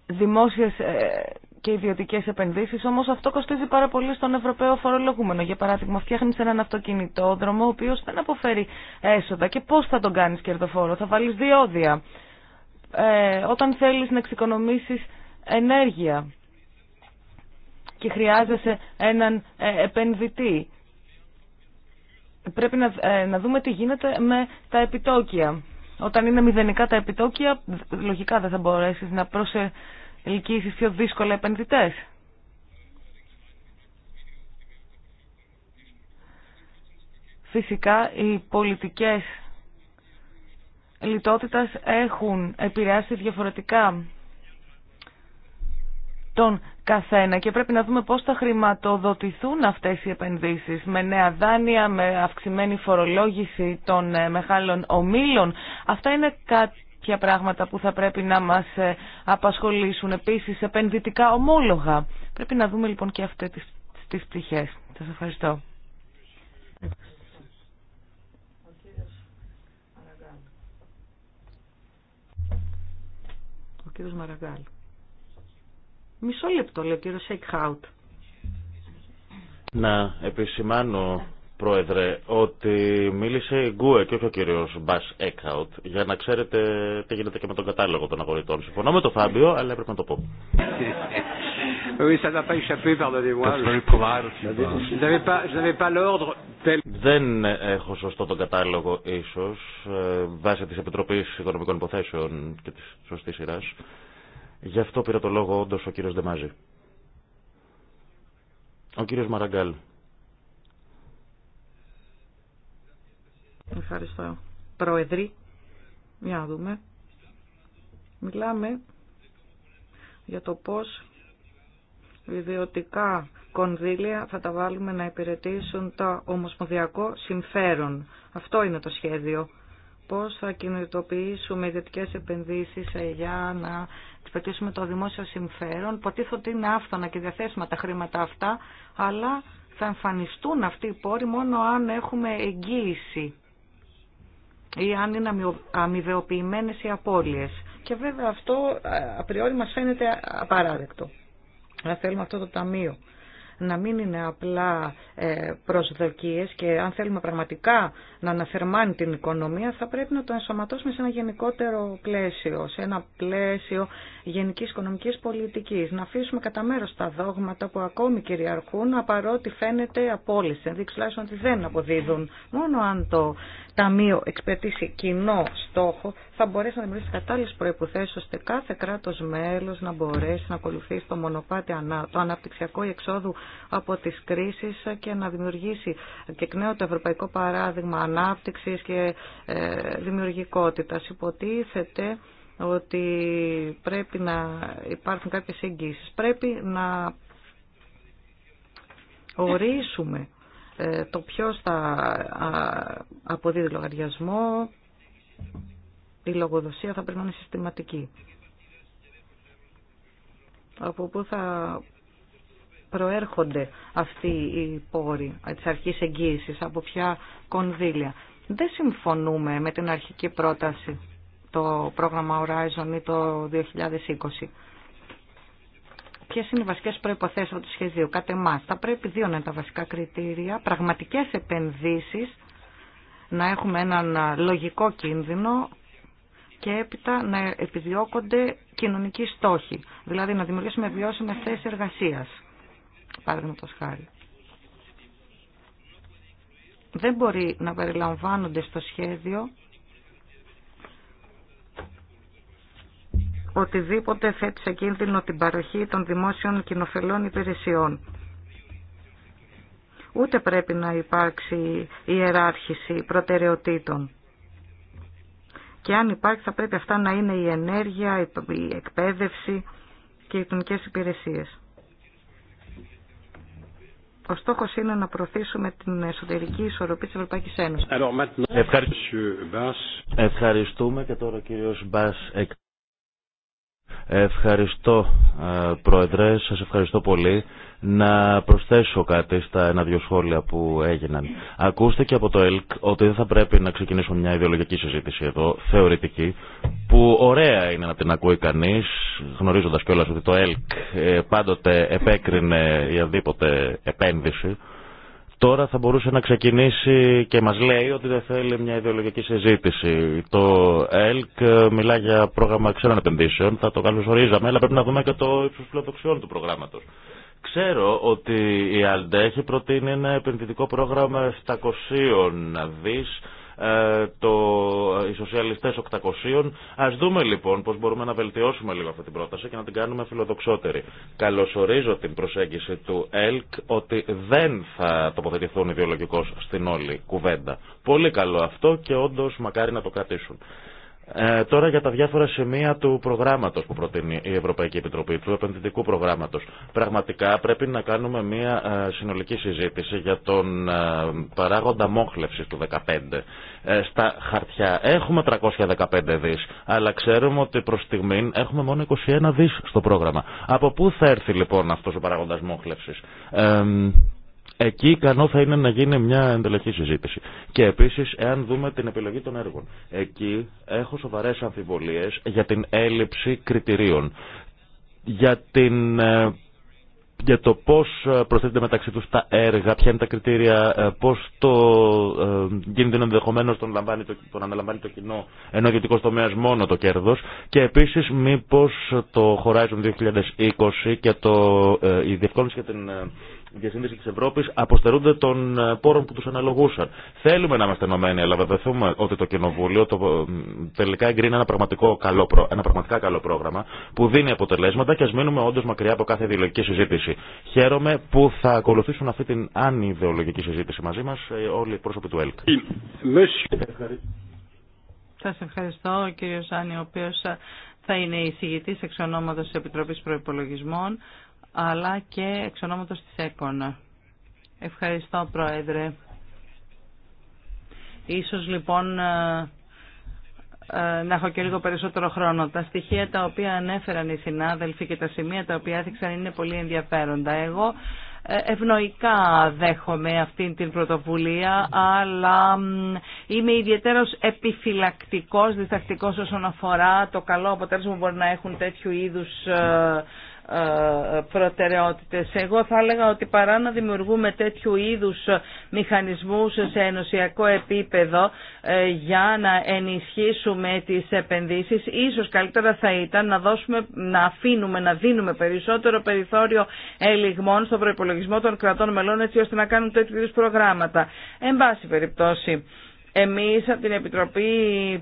δημόσιες ε, και ιδιωτικές επενδύσεις, όμως αυτό κοστίζει πάρα πολύ στον Ευρωπαίο φορολογούμενο. Για παράδειγμα, φτιάχνεις έναν αυτοκινητόδρομο, ο οποίος δεν αποφέρει έσοδα και πώς θα τον κάνεις κερδοφόρο, θα βάλεις διόδια. Ε, όταν θέλεις να εξοικονομήσεις ενέργεια και χρειάζεσαι έναν ε, επενδυτή πρέπει ε, να, δούμε τι γίνεται με τα επιτόκια. Όταν είναι μηδενικά τα επιτόκια, λογικά δεν θα μπορέσει να προσελκύσει πιο δύσκολα επενδυτές. Φυσικά οι πολιτικές λιτότητας έχουν επηρεάσει διαφορετικά τον καθένα και πρέπει να δούμε πώς θα χρηματοδοτηθούν αυτές οι επενδύσεις με νέα δάνεια, με αυξημένη φορολόγηση των ε, μεγάλων ομίλων. Αυτά είναι κάποια πράγματα που θα πρέπει να μας ε, απασχολήσουν. Επίσης, επενδυτικά ομόλογα. Πρέπει να δούμε λοιπόν και αυτές τις, τις πτυχές. Σας ευχαριστώ. Ο κύριος Μισό λεπτό, λέει ο κύριο Σέικχαουτ. Να επισημάνω, Πρόεδρε, ότι μίλησε η Γκουε και όχι ο κύριο Μπα Έκχαουτ, για να ξέρετε τι γίνεται και με τον κατάλογο των αγορητών. Συμφωνώ με τον Φάμπιο, αλλά έπρεπε να το πω. Δεν έχω σωστό τον κατάλογο, ίσω, ε, βάσει τη Επιτροπή Οικονομικών Υποθέσεων και τη σωστή σειρά. Γι' αυτό πήρε το λόγο όντω ο κύριο Δεμάζη. Ο κύριο Μαραγκάλ. Ευχαριστώ. Προεδρή. Για να δούμε. Μιλάμε για το πώς ιδιωτικά κονδύλια θα τα βάλουμε να υπηρετήσουν το ομοσπονδιακό συμφέρον. Αυτό είναι το σχέδιο. Πώς θα κινητοποιήσουμε ιδιωτικές επενδύσεις ε, για να εξυπηρετήσουμε το δημόσιο συμφέρον. Ποτίθεται ότι είναι άφθονα και διαθέσιμα τα χρήματα αυτά, αλλά θα εμφανιστούν αυτοί οι πόροι μόνο αν έχουμε εγγύηση ή αν είναι αμοιβεοποιημένες οι απώλειες. Και βέβαια αυτό ε, απριόρι μας φαίνεται απαράδεκτο. Αλλά θέλουμε αυτό το ταμείο να μην είναι απλά ε, προσδοκίες και αν θέλουμε πραγματικά να αναθερμάνει την οικονομία θα πρέπει να το ενσωματώσουμε σε ένα γενικότερο πλαίσιο, σε ένα πλαίσιο γενικής οικονομικής πολιτικής. Να αφήσουμε κατά μέρο τα δόγματα που ακόμη κυριαρχούν, απαρότι φαίνεται απόλυση, ενδείξει τουλάχιστον ότι δεν αποδίδουν. Μόνο αν το Ταμείο εξπετήσει κοινό στόχο θα μπορέσει να δημιουργήσει κατάλληλε προποθέσει ώστε κάθε κράτο μέλο να μπορέσει να ακολουθήσει το μονοπάτι το αναπτυξιακό εξόδου από τις κρίσεις και να δημιουργήσει και εκ νέου το ευρωπαϊκό παράδειγμα ανάπτυξης και ε, δημιουργικότητας. Υποτίθεται ότι πρέπει να υπάρχουν κάποιες εγγύσεις. Πρέπει να ορίσουμε ε, το ποιος θα αποδίδει λογαριασμό, η λογοδοσία θα πρέπει να είναι συστηματική. Από πού θα προέρχονται αυτοί οι πόροι της αρχής εγγύησης, από ποια κονδύλια. Δεν συμφωνούμε με την αρχική πρόταση, το πρόγραμμα Horizon ή το 2020. Ποιες είναι οι βασικέ προποθέσει του σχεδίου, Κατ' εμάς Θα πρέπει δύο να είναι τα βασικά κριτήρια. Πραγματικές επενδύσεις, να έχουμε έναν λογικό κίνδυνο και έπειτα να επιδιώκονται κοινωνικοί στόχοι. Δηλαδή να δημιουργήσουμε βιώσιμες θέσεις εργασία παραδείγματο χάρη. Δεν μπορεί να περιλαμβάνονται στο σχέδιο οτιδήποτε θέτει σε κίνδυνο την παροχή των δημόσιων κοινοφελών υπηρεσιών. Ούτε πρέπει να υπάρξει ιεράρχηση προτεραιοτήτων. Και αν υπάρχει θα πρέπει αυτά να είναι η ενέργεια, η εκπαίδευση και οι κοινωνικές υπηρεσίες. Ο στόχο είναι να προωθήσουμε την εσωτερική ισορροπή τη Ευρωπαϊκή Ένωση. Ευχαριστούμε και τώρα ο κύριο Μπά. Ευχαριστώ, ε, Πρόεδρε. Σα ευχαριστώ πολύ. Να προσθέσω κάτι στα ένα-δυο σχόλια που έγιναν. Ακούστε και από το ΕΛΚ ότι δεν θα πρέπει να ξεκινήσουμε μια ιδεολογική συζήτηση εδώ, θεωρητική, που ωραία είναι να την ακούει κανεί, γνωρίζοντα κιόλα ότι το ΕΛΚ ε, πάντοτε επέκρινε η επένδυση. Τώρα θα μπορούσε να ξεκινήσει και μας λέει ότι δεν θέλει μια ιδεολογική συζήτηση. Το ΕΛΚ ε, μιλά για πρόγραμμα ξένων επενδύσεων, θα το καλωσορίζαμε, αλλά πρέπει να δούμε και το ύψος φιλοδοξιών του προγράμματος. Ξέρω ότι η ΑΛΔΕ έχει προτείνει ένα επενδυτικό πρόγραμμα 700 δις, ε, το, οι σοσιαλιστές 800. Ας δούμε λοιπόν πώς μπορούμε να βελτιώσουμε λίγο αυτή την πρόταση και να την κάνουμε φιλοδοξότερη. Καλωσορίζω την προσέγγιση του ΕΛΚ ότι δεν θα τοποθετηθούν ιδεολογικώς στην όλη κουβέντα. Πολύ καλό αυτό και όντως μακάρι να το κρατήσουν. Ε, τώρα για τα διάφορα σημεία του προγράμματος που προτείνει η Ευρωπαϊκή Επιτροπή, του επενδυτικού προγράμματος. Πραγματικά πρέπει να κάνουμε μια ε, συνολική συζήτηση για τον ε, παράγοντα μόχλευσης του 2015. Ε, στα χαρτιά έχουμε 315 δις, αλλά ξέρουμε ότι προ στιγμή έχουμε μόνο 21 δις στο πρόγραμμα. Από πού θα έρθει λοιπόν αυτός ο παράγοντα μόχλευση. Εκεί ικανό θα είναι να γίνει μια εντελεχή συζήτηση. Και επίση, εάν δούμε την επιλογή των έργων. Εκεί έχω σοβαρέ αμφιβολίε για την έλλειψη κριτηρίων. Για, την, ε, για το πώ ε, προσθέτουν μεταξύ του τα έργα, ποια είναι τα κριτήρια, ε, πώ το κίνδυνο ενδεχομένω τον, τον αναλαμβάνει το κοινό, ενώ ιδιωτικό τομέα μόνο το κέρδο. Και επίση, μήπω το Horizon 2020 και το, η διευκόλυνση για την διασύνδεση τη Ευρώπη αποστερούνται των ε, πόρων που του αναλογούσαν. Θέλουμε να είμαστε ενωμένοι, αλλά βεβαιωθούμε ότι το Κοινοβούλιο το, τελικά εγκρίνει ένα, πραγματικό καλό, ένα πραγματικά καλό πρόγραμμα που δίνει αποτελέσματα και α μείνουμε όντω μακριά από κάθε ιδεολογική συζήτηση. Χαίρομαι που θα ακολουθήσουν αυτή την ανιδεολογική συζήτηση μαζί μα ε, όλοι οι πρόσωποι του ΕΛΚ. Σα ευχαριστώ, κύριο Ζάνη, ο οποίο ε, θα είναι εισηγητή εξ τη Επιτροπή Προπολογισμών αλλά και εξ ονόματος της ΕΚΟΝ. Ευχαριστώ Πρόεδρε. Ίσως λοιπόν ε, ε, να έχω και λίγο περισσότερο χρόνο. Τα στοιχεία τα οποία ανέφεραν οι συνάδελφοι και τα σημεία τα οποία έδειξαν είναι πολύ ενδιαφέροντα. Εγώ ε, ευνοϊκά δέχομαι αυτή την πρωτοβουλία, αλλά είμαι ιδιαίτερο επιφυλακτικός, διστακτικός όσον αφορά το καλό αποτέλεσμα που μπορεί να έχουν τέτοιου είδους προτεραιότητες. Εγώ θα έλεγα ότι παρά να δημιουργούμε τέτοιου είδους μηχανισμούς σε ενωσιακό επίπεδο ε, για να ενισχύσουμε τις επενδύσεις, ίσως καλύτερα θα ήταν να, δώσουμε, να αφήνουμε, να δίνουμε περισσότερο περιθώριο ελιγμών στον προπολογισμό των κρατών μελών έτσι ώστε να κάνουν τέτοιου είδους προγράμματα. Εν πάση περιπτώσει, εμείς από την Επιτροπή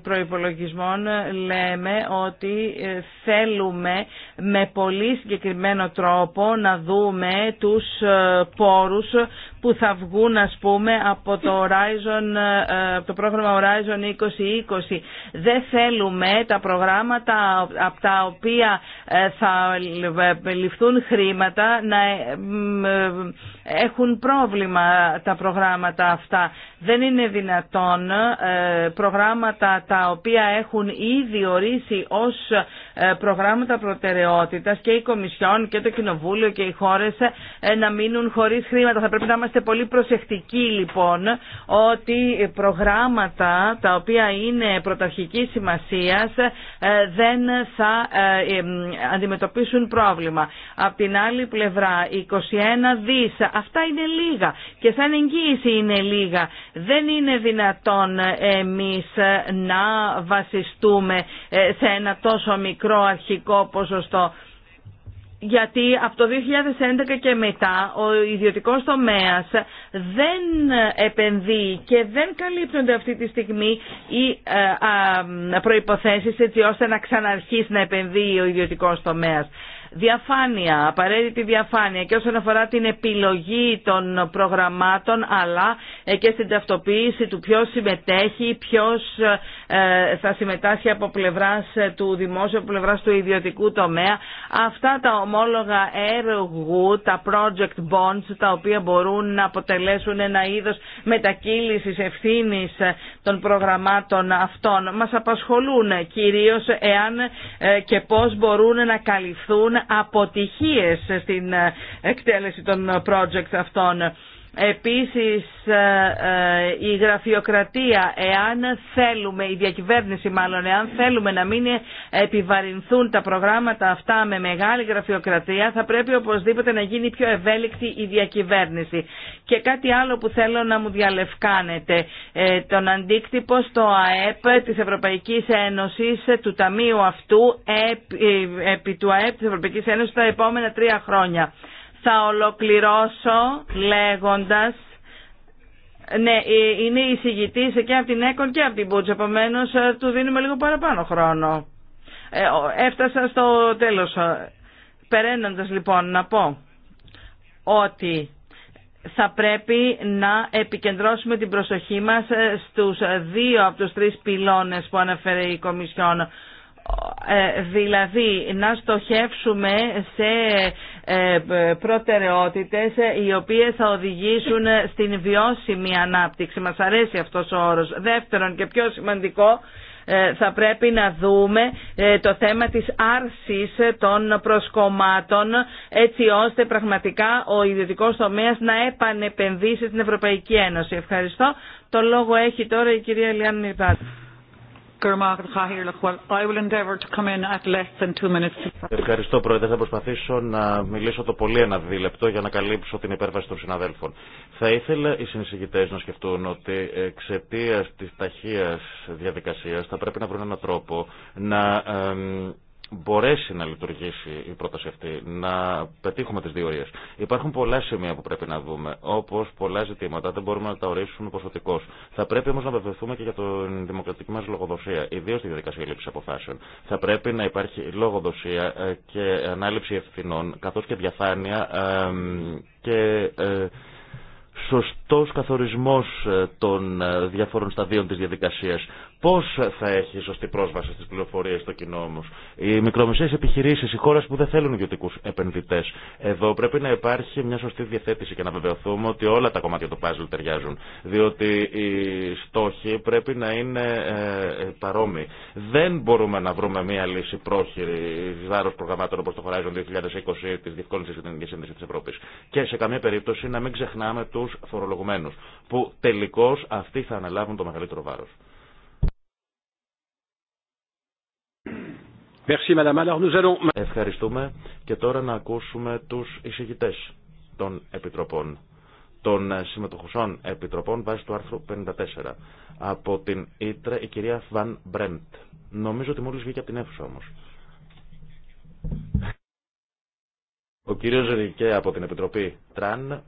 Προϋπολογισμών λέμε ότι θέλουμε με πολύ συγκεκριμένο τρόπο να δούμε τους ε, πόρους που θα βγουν ας πούμε από το, Horizon, από ε, ε, το πρόγραμμα Horizon 2020. Δεν θέλουμε τα προγράμματα από τα οποία ε, θα ληφθούν χρήματα να έχουν πρόβλημα τα προγράμματα αυτά. Δεν είναι δυνατόν προγράμματα τα οποία έχουν ήδη ορίσει ως προγράμματα προτεραιότητας και η Κομισιόν και το Κοινοβούλιο και οι χώρες να μείνουν χωρίς χρήματα. Θα πρέπει να είμαστε πολύ προσεκτικοί λοιπόν ότι προγράμματα τα οποία είναι πρωταρχική σημασίας ε, δεν θα ε, ε, αντιμετωπίσουν πρόβλημα. Απ' την άλλη πλευρά 21 δις, αυτά είναι λίγα και σαν εγγύηση είναι λίγα. Δεν είναι δυνατόν εμείς να βασιστούμε σε ένα τόσο μικρό αρχικό ποσοστό γιατί από το 2011 και μετά ο ιδιωτικός τομέας δεν επενδύει και δεν καλύπτονται αυτή τη στιγμή οι ε, προϋποθέσεις έτσι ώστε να ξαναρχίσει να επενδύει ο ιδιωτικός τομέας. Διαφάνεια, απαραίτητη διαφάνεια και όσον αφορά την επιλογή των προγραμμάτων αλλά ε, και στην ταυτοποίηση του ποιος συμμετέχει, ποιος ε, ε, θα συμμετάσχει από πλευράς ε, του δημόσιου, από πλευράς του ιδιωτικού τομέα. Αυτά τα ομόλογα έργου, τα project bonds, τα οποία μπορούν να αποτελέσουν ένα είδος μετακύλησης ευθύνης ε, των προγραμμάτων αυτών. Μας απασχολούν κυρίως εάν και πώς μπορούν να καλυφθούν αποτυχίες στην εκτέλεση των project αυτών. Επίσης ε, ε, η γραφειοκρατία, εάν θέλουμε, η διακυβέρνηση μάλλον, εάν θέλουμε να μην επιβαρυνθούν τα προγράμματα αυτά με μεγάλη γραφειοκρατία, θα πρέπει οπωσδήποτε να γίνει πιο ευέλικτη η διακυβέρνηση. Και κάτι άλλο που θέλω να μου διαλευκάνετε, ε, τον αντίκτυπο στο ΑΕΠ της Ευρωπαϊκής Ένωσης, του Ταμείου αυτού, επί του ΑΕΠ της Ευρωπαϊκής Ένωσης τα επόμενα τρία χρόνια. Θα ολοκληρώσω λέγοντας ναι, ε, είναι εισηγητή και από την ΕΚΟΝ και από την πούτσα, Επομένω, ε, του δίνουμε λίγο παραπάνω χρόνο. Ε, έφτασα στο τέλο. Περαίνοντα λοιπόν να πω ότι θα πρέπει να επικεντρώσουμε την προσοχή μας στους δύο από τους τρεις πυλώνες που αναφέρει η Κομισιόν. Ε, δηλαδή να στοχεύσουμε σε ε, προτεραιότητες ε, οι οποίες θα οδηγήσουν στην βιώσιμη ανάπτυξη. Μας αρέσει αυτός ο όρος. Δεύτερον και πιο σημαντικό θα πρέπει να δούμε το θέμα της άρσης των προσκομμάτων έτσι ώστε πραγματικά ο ιδιωτικός τομέας να επανεπενδύσει στην Ευρωπαϊκή Ένωση. Ευχαριστώ. Το λόγο έχει τώρα η κυρία Λιάννη Ευχαριστώ Πρόεδρε. Θα προσπαθήσω να μιλήσω το πολύ ένα δίλεπτο για να καλύψω την υπέρβαση των συναδέλφων. Θα ήθελα οι συνεισηγητές να σκεφτούν ότι εξαιτία της ταχείας διαδικασίας θα πρέπει να βρουν έναν τρόπο να μπορέσει να λειτουργήσει η πρόταση αυτή, να πετύχουμε τις δύο Υπάρχουν πολλά σημεία που πρέπει να δούμε, όπως πολλά ζητήματα δεν μπορούμε να τα ορίσουμε ποσοτικώς. Θα πρέπει όμως να βεβαιωθούμε και για την δημοκρατική μας λογοδοσία, ιδίως στη διαδικασία λήψης αποφάσεων. Θα πρέπει να υπάρχει λογοδοσία ε, και ανάληψη ευθυνών, καθώς και διαφάνεια ε, και ε, σωστός καθορισμός των διαφόρων σταδίων της διαδικασίας. Πώ θα έχει σωστή πρόσβαση στι πληροφορίε το κοινό όμω. Οι μικρομεσαίε επιχειρήσει, οι χώρε που δεν θέλουν ιδιωτικού επενδυτέ. Εδώ πρέπει να υπάρχει μια σωστή διαθέτηση και να βεβαιωθούμε ότι όλα τα κομμάτια του παζλ ταιριάζουν. Διότι οι στόχοι πρέπει να είναι ε, παρόμοιοι. Δεν μπορούμε να βρούμε μια λύση πρόχειρη βάρο προγραμμάτων όπω το Horizon 2020 τη διευκόλυνση και την σύνδεση τη Ευρώπη. Και σε καμία περίπτωση να μην ξεχνάμε του φορολογουμένου που τελικώ αυτοί θα αναλάβουν το μεγαλύτερο βάρο. Ευχαριστούμε και τώρα να ακούσουμε τους εισηγητές των επιτροπών, των ε, συμμετοχουσών επιτροπών βάσει του άρθρου 54. Από την Ήτρε η κυρία Βαν Μπρέντ. Νομίζω ότι μόλις βγήκε από την αίθουσα όμως. Ο κύριος Ρικέ από την Επιτροπή Τραν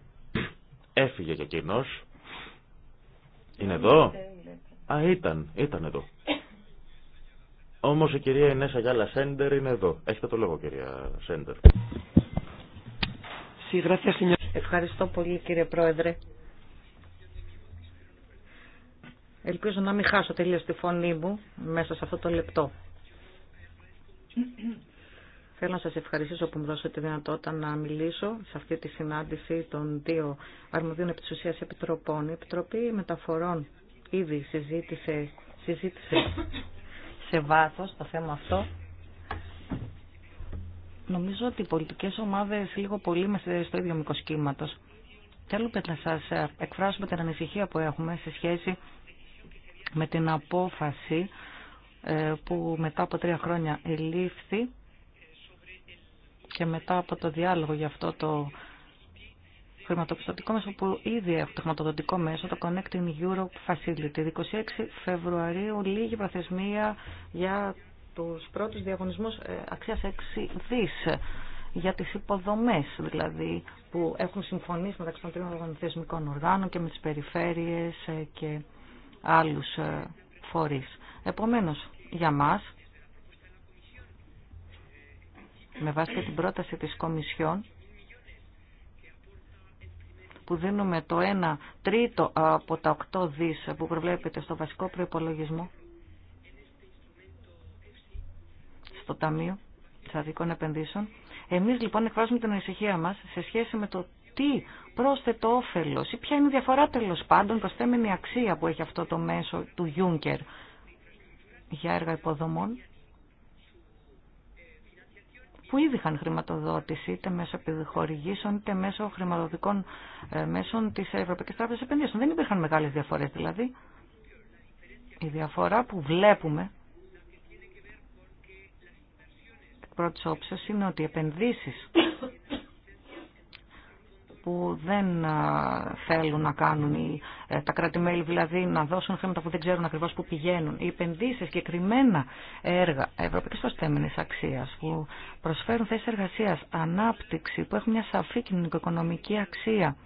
έφυγε και εκείνος. Είναι εδώ. Α, ήταν, ήταν εδώ. Όμω η κυρία Ενέσα Γιάλα Σέντερ είναι εδώ. Έχετε το λόγο, κυρία Σέντερ. Ευχαριστώ πολύ, κύριε Πρόεδρε. Ελπίζω να μην χάσω τελείω τη φωνή μου μέσα σε αυτό το λεπτό. Θέλω να σας ευχαριστήσω που μου δώσετε τη δυνατότητα να μιλήσω σε αυτή τη συνάντηση των δύο αρμοδίων επί επιτροπών. Η Επιτροπή Μεταφορών ήδη συζήτησε σε βάθος το θέμα αυτό. Νομίζω ότι οι πολιτικές ομάδες λίγο πολύ είμαστε στο ίδιο μήκος κύματος. Θέλουμε να σας εκφράσουμε την ανησυχία που έχουμε σε σχέση με την απόφαση ε, που μετά από τρία χρόνια ελήφθη και μετά από το διάλογο για αυτό το χρηματοπιστωτικό μέσο που ήδη έχουμε, το χρηματοδοτικό μέσο, το Connecting Europe Facility. 26 Φεβρουαρίου λίγη προθεσμία για τους πρώτους διαγωνισμούς ε, αξίας 6 δις για τις υποδομές δηλαδή που έχουν συμφωνήσει μεταξύ των τριών θεσμικών οργάνων και με τις περιφέρειες ε, και άλλους ε, φορείς. Επομένως, για μας, με βάση την πρόταση της Κομισιόν, που δίνουμε το 1 τρίτο από τα 8 δις που προβλέπετε στο βασικό προϋπολογισμό στο Ταμείο Στατικών Επενδύσεων. Εμείς λοιπόν εκφράζουμε την ανησυχία μας σε σχέση με το τι πρόσθετο όφελος ή ποια είναι η διαφορά τέλος τελο προσθέμενη αξία που έχει αυτό το μέσο του Juncker για έργα υποδομών που ήδη είχαν χρηματοδότηση είτε μέσω επιχορηγήσεων είτε μέσω χρηματοδοτικών ε, μέσων τη Ευρωπαϊκή Τράπεζα Επενδύσεων. Δεν υπήρχαν μεγάλε διαφορέ δηλαδή. Η διαφορά που βλέπουμε εκ πρώτη όψεω είναι ότι οι επενδύσει που δεν θέλουν να κάνουν ε, τα κράτη-μέλη, δηλαδή να δώσουν χρήματα που δεν ξέρουν ακριβώς πού πηγαίνουν. Οι ακριβώ που προσφέρουν επενδύσει, συγκεκριμενα εργα ευρωπαϊκή προστέμενη αξία, που προσφερουν θέσει εργασία, αναπτυξη που εχουν μια σαφή κοινωνικο-οικονομική αξία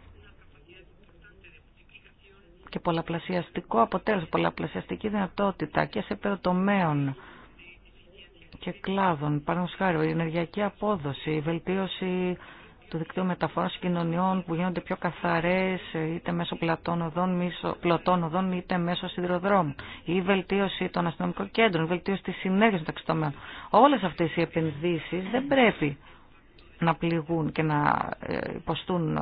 και πολλαπλασιαστικό αποτέλεσμα, πολλαπλασιαστική δυνατότητα και σε πεδοτομέων και κλάδων, παραδείγματο χάρη, η ενεργειακή απόδοση, η βελτίωση του δικτύου μεταφορά κοινωνιών που γίνονται πιο καθαρέ είτε μέσω πλατών οδών, πλωτών οδών είτε μέσω σιδηροδρόμου Η βελτίωση των αστυνομικών κέντρων, η βελτίωση τη συνέργεια μεταξύ τομέων. Όλε αυτέ οι επενδύσει δεν πρέπει να πληγούν και να ε, υποστούν ε,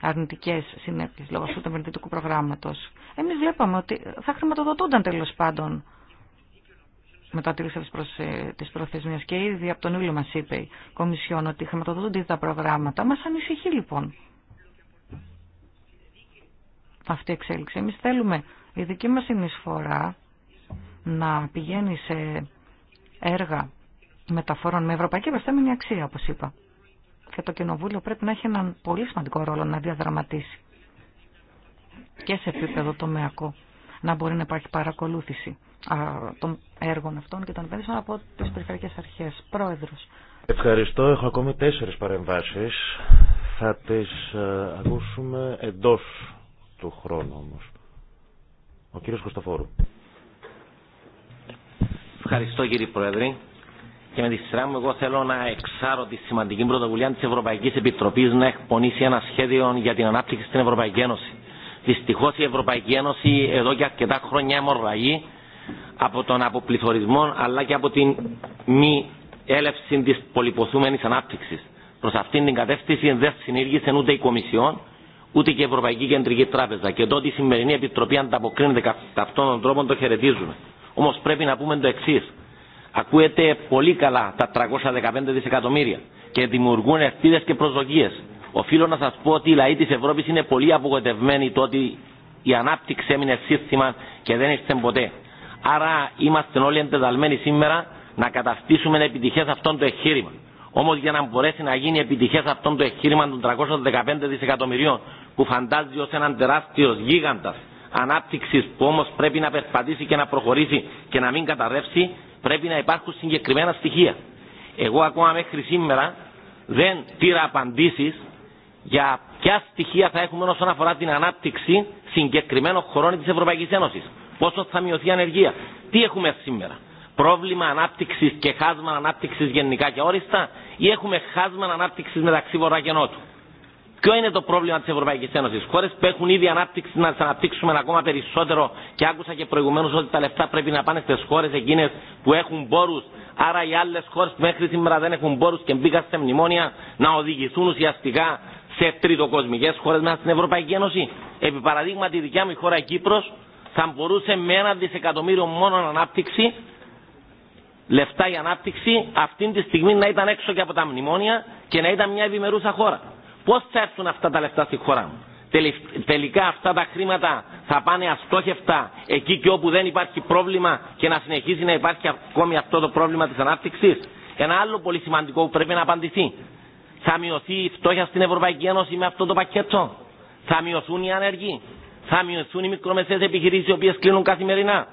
αρνητικέ συνέπειε λόγω αυτού του επενδυτικού προγράμματο. Εμεί βλέπαμε ότι θα χρηματοδοτούνταν τέλο πάντων μετά τη ε, προθεσμία. Και ήδη από τον Ιούλιο μα είπε η Κομισιόν ότι χρηματοδοτούνται τα προγράμματα. Μα ανησυχεί λοιπόν αυτή η εξέλιξη. Εμεί θέλουμε η δική μα συνεισφορά να πηγαίνει σε έργα μεταφορών με ευρωπαϊκή προσθέμενη αξία, όπω είπα. Και το Κοινοβούλιο πρέπει να έχει έναν πολύ σημαντικό ρόλο να διαδραματίσει και σε επίπεδο τομεακό να μπορεί να υπάρχει παρακολούθηση των έργων αυτών και των επένδυσεων από τις περιφερειακές αρχές. Πρόεδρος. Ευχαριστώ. Έχω ακόμη τέσσερις παρεμβάσεις. Θα τις ε, ακούσουμε εντός του χρόνου όμως. Ο κύριος Κωνσταφόρου. Ευχαριστώ κύριε Πρόεδρε. Και με τη σειρά μου εγώ θέλω να εξάρω τη σημαντική πρωτοβουλία τη Ευρωπαϊκή Επιτροπή να εκπονήσει ένα σχέδιο για την ανάπτυξη στην Ευρωπαϊκή Ένωση. Δυστυχώ η Ευρωπαϊκή Ένωση εδώ και αρκετά χρόνια αιμορραγεί από τον αποπληθωρισμό αλλά και από την μη έλευση της πολυποθούμενης ανάπτυξης. Προς αυτήν την κατεύθυνση δεν συνήργησε ούτε η Κομισιόν ούτε και η Ευρωπαϊκή Κεντρική Τράπεζα και τότε η σημερινή Επιτροπή ανταποκρίνεται κατά αυτόν τον τρόπο το χαιρετίζουμε. Όμω πρέπει να πούμε το εξή. Ακούεται πολύ καλά τα 315 δισεκατομμύρια και δημιουργούν ευθύνε και προσδοκίε. Οφείλω να σα πω ότι οι λαοί τη Ευρώπη είναι πολύ απογοητευμένοι το ότι η ανάπτυξη έμεινε σύστημα και δεν ήρθε ποτέ. Άρα είμαστε όλοι εντεταλμένοι σήμερα να καταστήσουμε επιτυχέ αυτό το εγχείρημα. Όμω για να μπορέσει να γίνει επιτυχέ αυτό το εγχείρημα των 315 δισεκατομμυρίων που φαντάζει ω έναν τεράστιο γίγαντα ανάπτυξη που όμω πρέπει να περπατήσει και να προχωρήσει και να μην καταρρεύσει, πρέπει να υπάρχουν συγκεκριμένα στοιχεία. Εγώ ακόμα μέχρι σήμερα δεν πήρα απαντήσει για ποια στοιχεία θα έχουμε όσον αφορά την ανάπτυξη συγκεκριμένων χωρών τη Ευρωπαϊκή Ένωση πόσο θα μειωθεί η ανεργία. Τι έχουμε σήμερα, πρόβλημα ανάπτυξη και χάσμα ανάπτυξη γενικά και όριστα, ή έχουμε χάσμα ανάπτυξη μεταξύ βορρά και νότου. Ποιο είναι το πρόβλημα τη Ευρωπαϊκή Ένωση. Χώρε που έχουν ήδη ανάπτυξη να τι αναπτύξουμε ακόμα περισσότερο και άκουσα και προηγουμένω ότι τα λεφτά πρέπει να πάνε στι χώρε εκείνε που έχουν πόρου. Άρα οι άλλε χώρε που μέχρι σήμερα δεν έχουν πόρου και μπήκαν σε μνημόνια να οδηγηθούν ουσιαστικά σε τριτοκοσμικέ χώρε μέσα στην Ευρωπαϊκή Ένωση. Επί τη δικιά μου χώρα Κύπρο θα μπορούσε με ένα δισεκατομμύριο μόνο ανάπτυξη, λεφτά η ανάπτυξη, αυτή τη στιγμή να ήταν έξω και από τα μνημόνια και να ήταν μια ευημερούσα χώρα. Πώ θα έρθουν αυτά τα λεφτά στη χώρα μου. Τελικά αυτά τα χρήματα θα πάνε αστόχευτα εκεί και όπου δεν υπάρχει πρόβλημα και να συνεχίζει να υπάρχει ακόμη αυτό το πρόβλημα της ανάπτυξης. Ένα άλλο πολύ σημαντικό που πρέπει να απαντηθεί. Θα μειωθεί η φτώχεια στην Ευρωπαϊκή Ένωση με αυτό το πακέτο. Θα μειωθούν οι ανεργοί θα μειωθούν οι μικρομεσαίε επιχειρήσει οι οποίε κλείνουν καθημερινά.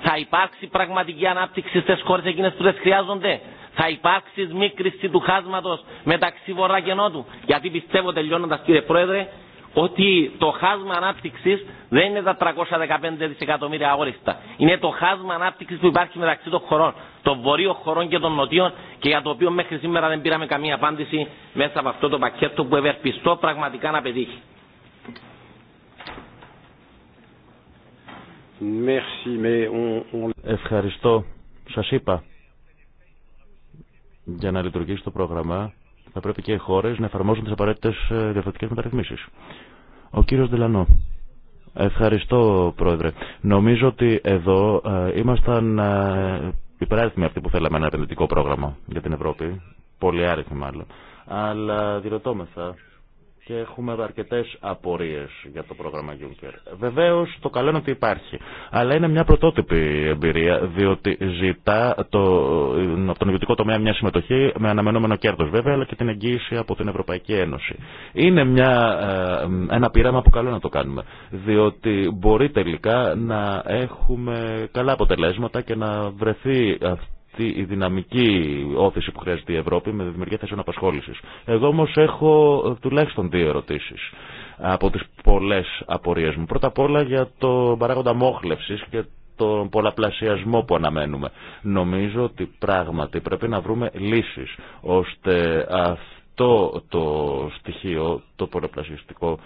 Θα υπάρξει πραγματική ανάπτυξη στι χώρε εκείνε που δεν χρειάζονται. Θα υπάρξει μίκριση του χάσματο μεταξύ βορρά και νότου. Γιατί πιστεύω τελειώνοντα, κύριε Πρόεδρε ότι το χάσμα ανάπτυξη δεν είναι τα 315 δισεκατομμύρια αόριστα. Είναι το χάσμα ανάπτυξη που υπάρχει μεταξύ των χωρών, των βορείων χωρών και των νοτίων και για το οποίο μέχρι σήμερα δεν πήραμε καμία απάντηση μέσα από αυτό το πακέτο που ευελπιστώ πραγματικά να πετύχει. Ευχαριστώ. Σας είπα, για να λειτουργήσει το πρόγραμμα θα πρέπει και οι χώρες να εφαρμόζουν τις απαραίτητες ε, διαφορετικές μεταρρυθμίσεις. Ο κύριος Δελανό, Ευχαριστώ, Πρόεδρε. Νομίζω ότι εδώ ε, ήμασταν ε, υπεράριθμοι αυτοί που θέλαμε ένα επενδυτικό πρόγραμμα για την Ευρώπη. Πολύ άριθμοι μάλλον. Αλλά διερωτώμεθα και έχουμε αρκετέ απορίε για το πρόγραμμα Juncker. Βεβαίω το καλό είναι ότι υπάρχει. Αλλά είναι μια πρωτότυπη εμπειρία, διότι ζητά το, από τον ιδιωτικό τομέα μια συμμετοχή με αναμενόμενο κέρδο βέβαια, αλλά και την εγγύηση από την Ευρωπαϊκή Ένωση. Είναι μια, ε, ένα πείραμα που καλό να το κάνουμε. Διότι μπορεί τελικά να έχουμε καλά αποτελέσματα και να βρεθεί η δυναμική όθηση που χρειάζεται η Ευρώπη με δημιουργία θέσεων απασχόληση. Εγώ όμω έχω τουλάχιστον δύο ερωτήσει από τι πολλέ απορίε μου. Πρώτα απ' όλα για το παράγοντα μόχλευση και τον πολλαπλασιασμό που αναμένουμε. Νομίζω ότι πράγματι πρέπει να βρούμε λύσει ώστε αυτό το στοιχείο, το πολλαπλασιαστικό,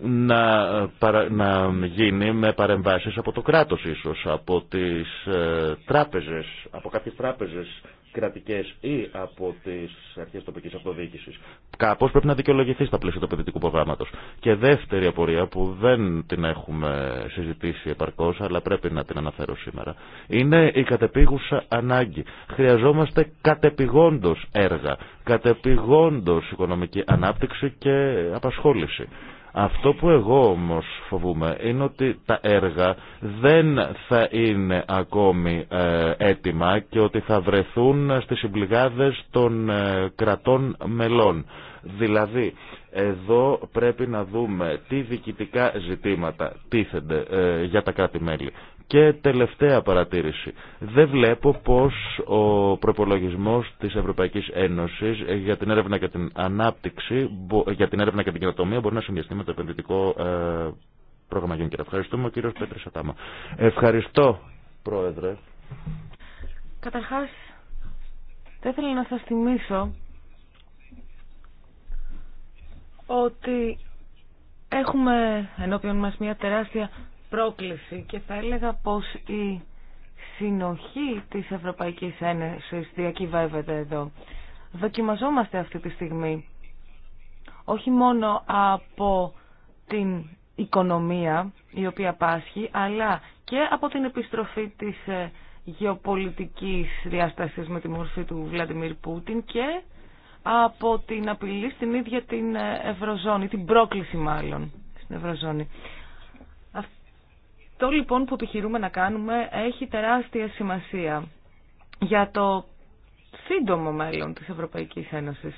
να, γίνει με παρεμβάσεις από το κράτος ίσως, από τις ε, τράπεζες, από κάποιες τράπεζες κρατικές ή από τις αρχές τοπικής αυτοδιοίκησης. Κάπως πρέπει να δικαιολογηθεί στα πλαίσια του παιδιτικού προγράμματος. Και δεύτερη απορία που δεν την έχουμε συζητήσει επαρκώς, αλλά πρέπει να την αναφέρω σήμερα, είναι η κατεπίγουσα ανάγκη. Χρειαζόμαστε κατεπηγόντως έργα, κατεπηγόντως οικονομική ανάπτυξη και απασχόληση. Αυτό που εγώ όμως φοβούμαι είναι ότι τα έργα δεν θα είναι ακόμη ε, έτοιμα και ότι θα βρεθούν στις συμπληγάδες των ε, κρατών μελών. Δηλαδή, εδώ πρέπει να δούμε τι διοικητικά ζητήματα τίθενται ε, για τα κράτη-μέλη. Και τελευταία παρατήρηση. Δεν βλέπω πως ο προπολογισμός της Ευρωπαϊκής Ένωσης για την έρευνα και την ανάπτυξη, για την έρευνα και την κοινοτομία μπορεί να συνδυαστεί με το επενδυτικό ε, πρόγραμμα Γιονκέρα. Ευχαριστούμε ο κύριος Πέτρης Ατάμα. Ευχαριστώ πρόεδρε. Καταρχάς, θα ήθελα να σας θυμίσω ότι έχουμε ενώπιον μας μια τεράστια πρόκληση και θα έλεγα πως η συνοχή της Ευρωπαϊκής Ένωσης διακυβεύεται εδώ. Δοκιμαζόμαστε αυτή τη στιγμή όχι μόνο από την οικονομία η οποία πάσχει, αλλά και από την επιστροφή της ε, γεωπολιτικής διάστασης με τη μορφή του Βλαντιμίρ Πούτιν και από την απειλή στην ίδια την ε, Ευρωζώνη, την πρόκληση μάλλον στην Ευρωζώνη. Το λοιπόν που επιχειρούμε να κάνουμε έχει τεράστια σημασία για το σύντομο μέλλον της Ευρωπαϊκής Ένωσης.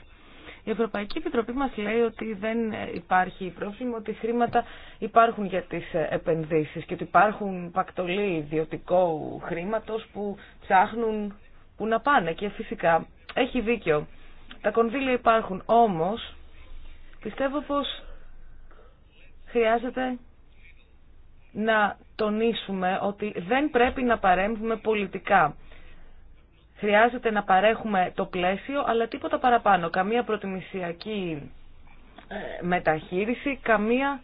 Η Ευρωπαϊκή Επιτροπή μας λέει ότι δεν υπάρχει πρόβλημα, ότι χρήματα υπάρχουν για τις επενδύσεις και ότι υπάρχουν πακτολοί ιδιωτικού χρήματος που ψάχνουν που να πάνε και φυσικά έχει δίκιο. Τα κονδύλια υπάρχουν, όμως πιστεύω πως χρειάζεται να τονίσουμε ότι δεν πρέπει να παρέμβουμε πολιτικά. Χρειάζεται να παρέχουμε το πλαίσιο, αλλά τίποτα παραπάνω. Καμία προτιμησιακή ε, μεταχείριση, καμία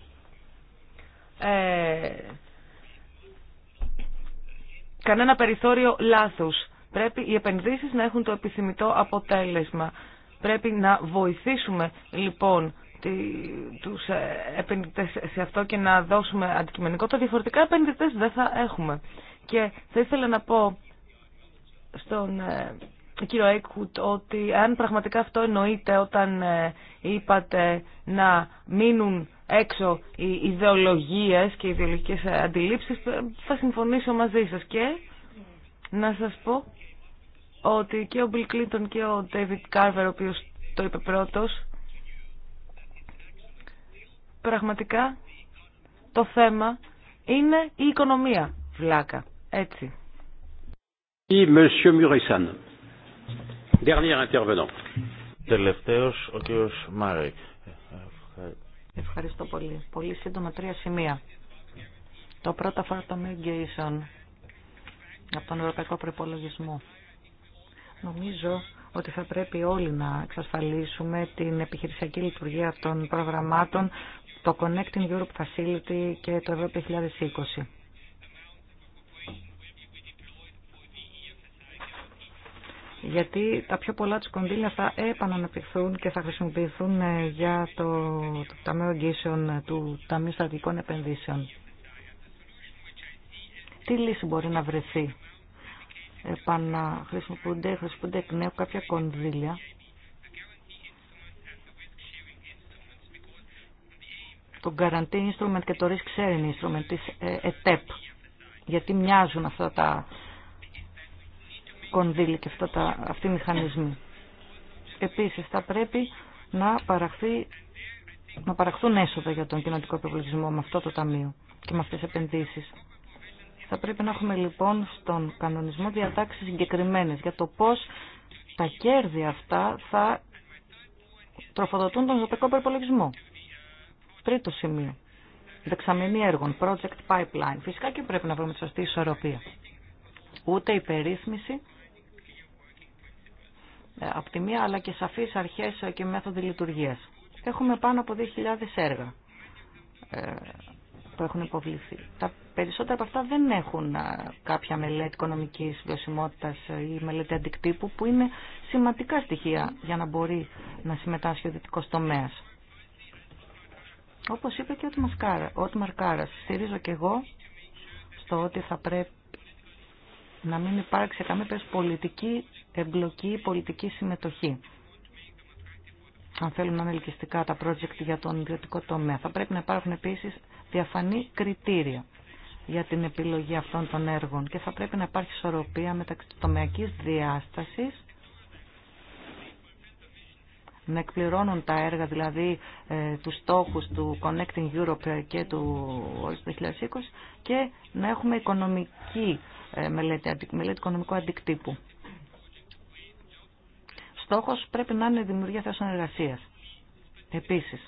ε, κανένα περιθώριο λάθους. Πρέπει οι επενδύσεις να έχουν το επιθυμητό αποτέλεσμα. Πρέπει να βοηθήσουμε λοιπόν τους ε, επενδυτές σε αυτό και να δώσουμε αντικειμενικό, Τα διαφορετικά επενδυτές δεν θα έχουμε. Και θα ήθελα να πω στον ε, κύριο Έκχουτ ότι αν πραγματικά αυτό εννοείται όταν ε, είπατε να μείνουν έξω οι ιδεολογίες και οι ιδεολογικές αντιλήψεις, θα συμφωνήσω μαζί σας και να σας πω ότι και ο Μπιλ Κλίντον και ο Ντέιβιτ Κάρβερ, ο οποίος το είπε πρώτος, πραγματικά το θέμα είναι η οικονομία, βλάκα. Έτσι. Τελευταίος, ο κύριος Ευχαριστώ πολύ. Πολύ σύντομα τρία σημεία. Το πρώτο αφορά το Μιγκέισον από τον Ευρωπαϊκό Προπολογισμό. Νομίζω ότι θα πρέπει όλοι να εξασφαλίσουμε την επιχειρησιακή λειτουργία των προγραμμάτων το Connecting Europe Facility και το Ευρώπη 2020. γιατί τα πιο πολλά τους κονδύλια θα επαναναπτυχθούν και θα χρησιμοποιηθούν ε, για το, το Ταμείο Αγγίσεων του Ταμείου Στατικών Επενδύσεων. Τι λύση μπορεί να βρεθεί. Επαναχρησιμοποιούνται, χρησιμοποιούνται εκ νέου κάποια κονδύλια το Guarantee Instrument και το Risk Sharing Instrument της ε, ΕΤΕΠ. Γιατί μοιάζουν αυτά τα κονδύλια και αυτά τα, αυτοί οι μηχανισμοί. Επίσης θα πρέπει να, παραχθεί, να παραχθούν έσοδα για τον κοινωνικό προπολογισμό με αυτό το ταμείο και με αυτές τις επενδύσεις. Θα πρέπει να έχουμε λοιπόν στον κανονισμό διατάξεις συγκεκριμένε για το πώς τα κέρδη αυτά θα τροφοδοτούν τον ζωτικό προπολογισμό. Τρίτο σημείο. Δεξαμενή έργων, project pipeline. Φυσικά και πρέπει να βρούμε τη σωστή ισορροπία. Ούτε υπερρύθμιση ε, από τη μία, αλλά και σαφείς αρχές ε, και μέθοδοι λειτουργίας. Έχουμε πάνω από 2.000 έργα ε, που έχουν υποβληθεί. Τα περισσότερα από αυτά δεν έχουν κάποια μελέτη οικονομικής βιωσιμότητας ή μελέτη αντικτύπου που είναι σημαντικά στοιχεία για να μπορεί να συμμετάσχει ο δυτικός τομέας. Όπως είπε και ο Ότμαρ Κάρας, στηρίζω και εγώ στο ότι θα πρέπει να μην υπάρξει καμία πολιτική εμπλοκή, πολιτική συμμετοχή. Αν θέλουμε να είναι ελκυστικά τα project για τον ιδιωτικό τομέα, θα πρέπει να υπάρχουν επίσης διαφανή κριτήρια για την επιλογή αυτών των έργων και θα πρέπει να υπάρχει ισορροπία μεταξύ τομεακής διάστασης να εκπληρώνουν τα έργα, δηλαδή ε, τους στόχους του Connecting Europe και του 2020 και να έχουμε οικονομική ε, μελέτη, μελέτη οικονομικού αντικτύπου. Στόχος πρέπει να είναι η δημιουργία θέσεων εργασίας. Επίσης,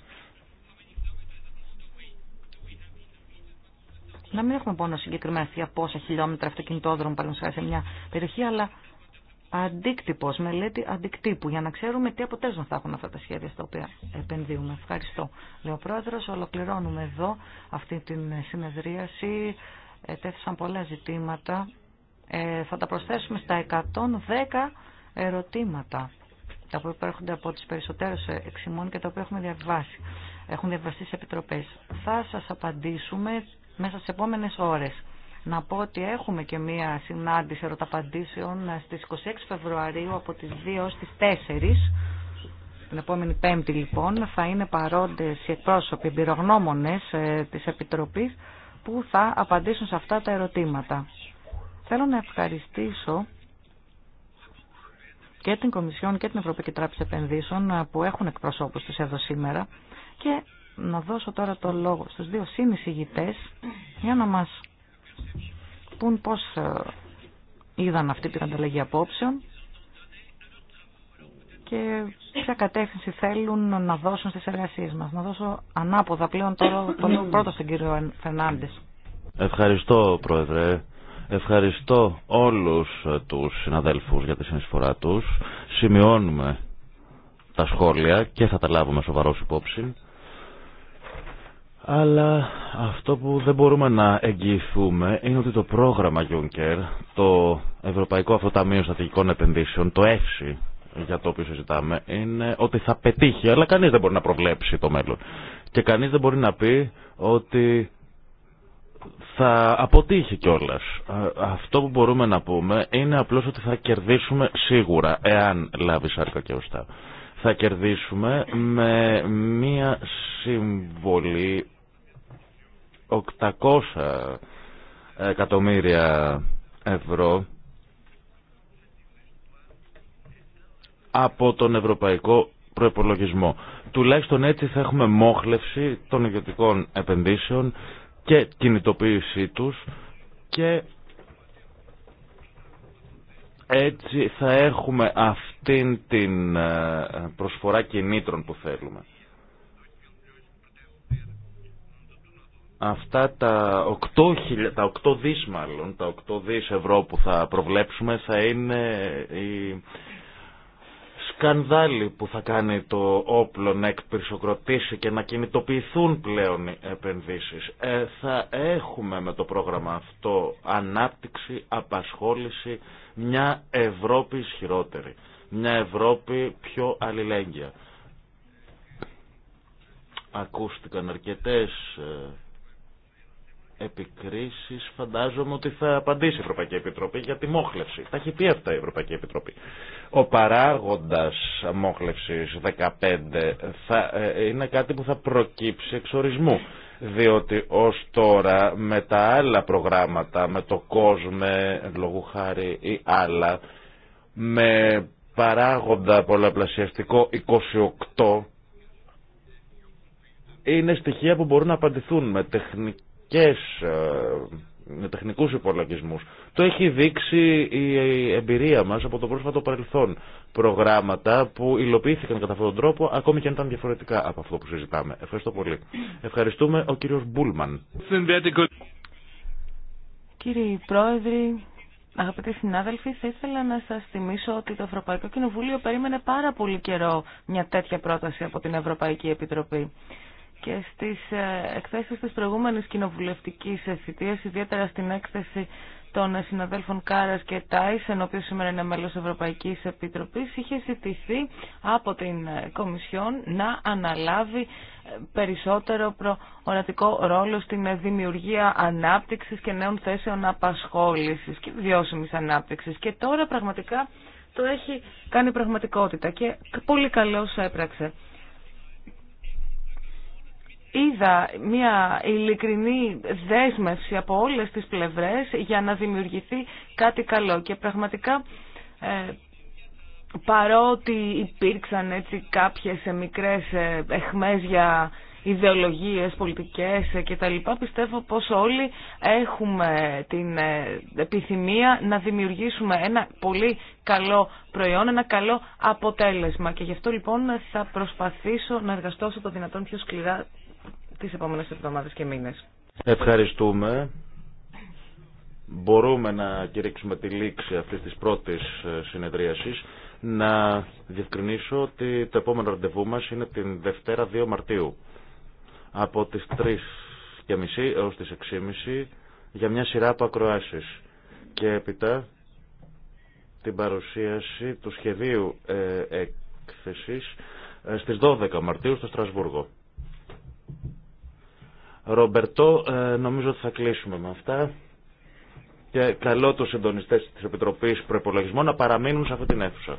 να μην έχουμε μόνο συγκεκριμένα για πόσα χιλιόμετρα αυτοκινητόδρομο παραδείγματος σε μια περιοχή, αλλά αντίκτυπο, μελέτη αντικτύπου, για να ξέρουμε τι αποτέλεσμα θα έχουν αυτά τα σχέδια στα οποία επενδύουμε. Ευχαριστώ. Λέω πρόεδρο, ολοκληρώνουμε εδώ αυτή την συνεδρίαση. Τέθησαν πολλά ζητήματα. Ε, θα τα προσθέσουμε στα 110 ερωτήματα τα οποία προέρχονται από τις περισσότερες εξημών και τα οποία έχουμε διαβάσει. Έχουν διαβαστεί σε επιτροπές. Θα σας απαντήσουμε μέσα στις επόμενες ώρες. Να πω ότι έχουμε και μία συνάντηση ερωταπαντήσεων στις 26 Φεβρουαρίου από τις 2 τις 4. Την επόμενη Πέμπτη λοιπόν θα είναι παρόντες οι εκπρόσωποι εμπειρογνώμονες ε, της Επιτροπής που θα απαντήσουν σε αυτά τα ερωτήματα. Θέλω να ευχαριστήσω και την Κομισιόν και την Ευρωπαϊκή Τράπεζα Επενδύσεων ε, που έχουν εκπροσώπους τους εδώ σήμερα και να δώσω τώρα το λόγο στους δύο συνεισηγητές για να μας πούν πώς ε, είδαν αυτή την ανταλλαγή απόψεων και ποια κατεύθυνση θέλουν να δώσουν στις εργασίες μας. Να δώσω ανάποδα πλέον το, το πρώτο στον κύριο Φερνάντες. Ευχαριστώ Πρόεδρε. Ευχαριστώ όλους τους συναδέλφους για τη συνεισφορά τους. Σημειώνουμε τα σχόλια και θα τα λάβουμε σοβαρός υπόψη. Αλλά αυτό που δεν μπορούμε να εγγυηθούμε είναι ότι το πρόγραμμα Juncker, το Ευρωπαϊκό Αυτοταμείο Ταμείο Στατικών Επενδύσεων, το ΕΦΣΥ, για το οποίο συζητάμε, είναι ότι θα πετύχει, αλλά κανείς δεν μπορεί να προβλέψει το μέλλον. Και κανείς δεν μπορεί να πει ότι θα αποτύχει κιόλα. Αυτό που μπορούμε να πούμε είναι απλώς ότι θα κερδίσουμε σίγουρα, εάν λάβει σάρκα και ωστά θα κερδίσουμε με μία συμβολή 800 εκατομμύρια ευρώ από τον Ευρωπαϊκό Προϋπολογισμό. Τουλάχιστον έτσι θα έχουμε μόχλευση των ιδιωτικών επενδύσεων και κινητοποίησή τους και έτσι θα έχουμε αυτήν την ε, προσφορά κινήτρων που θέλουμε. Αυτά τα 8, τα τα 8 δις ευρώ που θα προβλέψουμε θα είναι η σκανδάλι που θα κάνει το όπλο να εκπυρσοκροτήσει και να κινητοποιηθούν πλέον οι επενδύσεις. Ε, θα έχουμε με το πρόγραμμα αυτό ανάπτυξη, απασχόληση, μια Ευρώπη ισχυρότερη, μια Ευρώπη πιο αλληλέγγυα. Ακούστηκαν αρκετές ε, επικρίσεις φαντάζομαι ότι θα απαντήσει η Ευρωπαϊκή Επιτροπή για τη μόχλευση. Τα έχει πει αυτά η Ευρωπαϊκή Επιτροπή. Ο παράγοντας μόχλευσης 15 θα, ε, είναι κάτι που θα προκύψει εξ ορισμού διότι ως τώρα με τα άλλα προγράμματα, με το κόσμο, λόγου χάρη ή άλλα, με παράγοντα πολλαπλασιαστικό 28, είναι στοιχεία που μπορούν να απαντηθούν με τεχνική τεχνικές, ε, με τεχνικούς υπολογισμού. Το έχει δείξει η εμπειρία μας από το πρόσφατο παρελθόν. Προγράμματα που υλοποιήθηκαν κατά αυτόν τον τρόπο, ακόμη και αν ήταν διαφορετικά από αυτό που συζητάμε. Ευχαριστώ πολύ. Ευχαριστούμε ο κύριος Μπούλμαν. Κύριε Πρόεδρε, Αγαπητοί συνάδελφοι, θα ήθελα να σα θυμίσω ότι το Ευρωπαϊκό Κοινοβούλιο περίμενε πάρα πολύ καιρό μια τέτοια πρόταση από την Ευρωπαϊκή Επιτροπή και στις ε, εκθέσεις της προηγούμενης κοινοβουλευτικής θητείας, ιδιαίτερα στην έκθεση των συναδέλφων Κάρας και Τάισεν, ο οποίος σήμερα είναι μέλος Ευρωπαϊκής Επιτροπής, είχε ζητηθεί από την ε, Κομισιόν να αναλάβει ε, περισσότερο προορατικό ρόλο στην δημιουργία ανάπτυξης και νέων θέσεων απασχόλησης και βιώσιμης ανάπτυξης. Και τώρα πραγματικά το έχει κάνει πραγματικότητα και πολύ καλώς έπραξε είδα μια ειλικρινή δέσμευση από όλες τις πλευρές για να δημιουργηθεί κάτι καλό και πραγματικά ε, παρότι υπήρξαν έτσι κάποιες ε, μικρές ε, εχμές για ιδεολογίες, πολιτικές και τα λοιπά, πιστεύω πως όλοι έχουμε την επιθυμία να δημιουργήσουμε ένα πολύ καλό προϊόν, ένα καλό αποτέλεσμα και γι' αυτό λοιπόν θα προσπαθήσω να εργαστώ όσο το δυνατόν πιο σκληρά τις επόμενε εβδομάδες και μήνες. Ευχαριστούμε. Μπορούμε να κηρύξουμε τη λήξη αυτής της πρώτης ε, συνεδρίασης. Να διευκρινίσω ότι το επόμενο ραντεβού μα είναι την Δευτέρα 2 Μαρτίου από τις 3.30 και μισή έως τις 6.30 για μια σειρά από ακροάσεις. Και έπειτα την παρουσίαση του σχεδίου ε, έκθεσης ε, στις 12 Μαρτίου στο Στρασβούργο. Ρομπερτό, ε, νομίζω ότι θα κλείσουμε με αυτά και καλώ τους συντονιστέ της Επιτροπής Προπολογισμών να παραμείνουν σε αυτή την αίθουσα.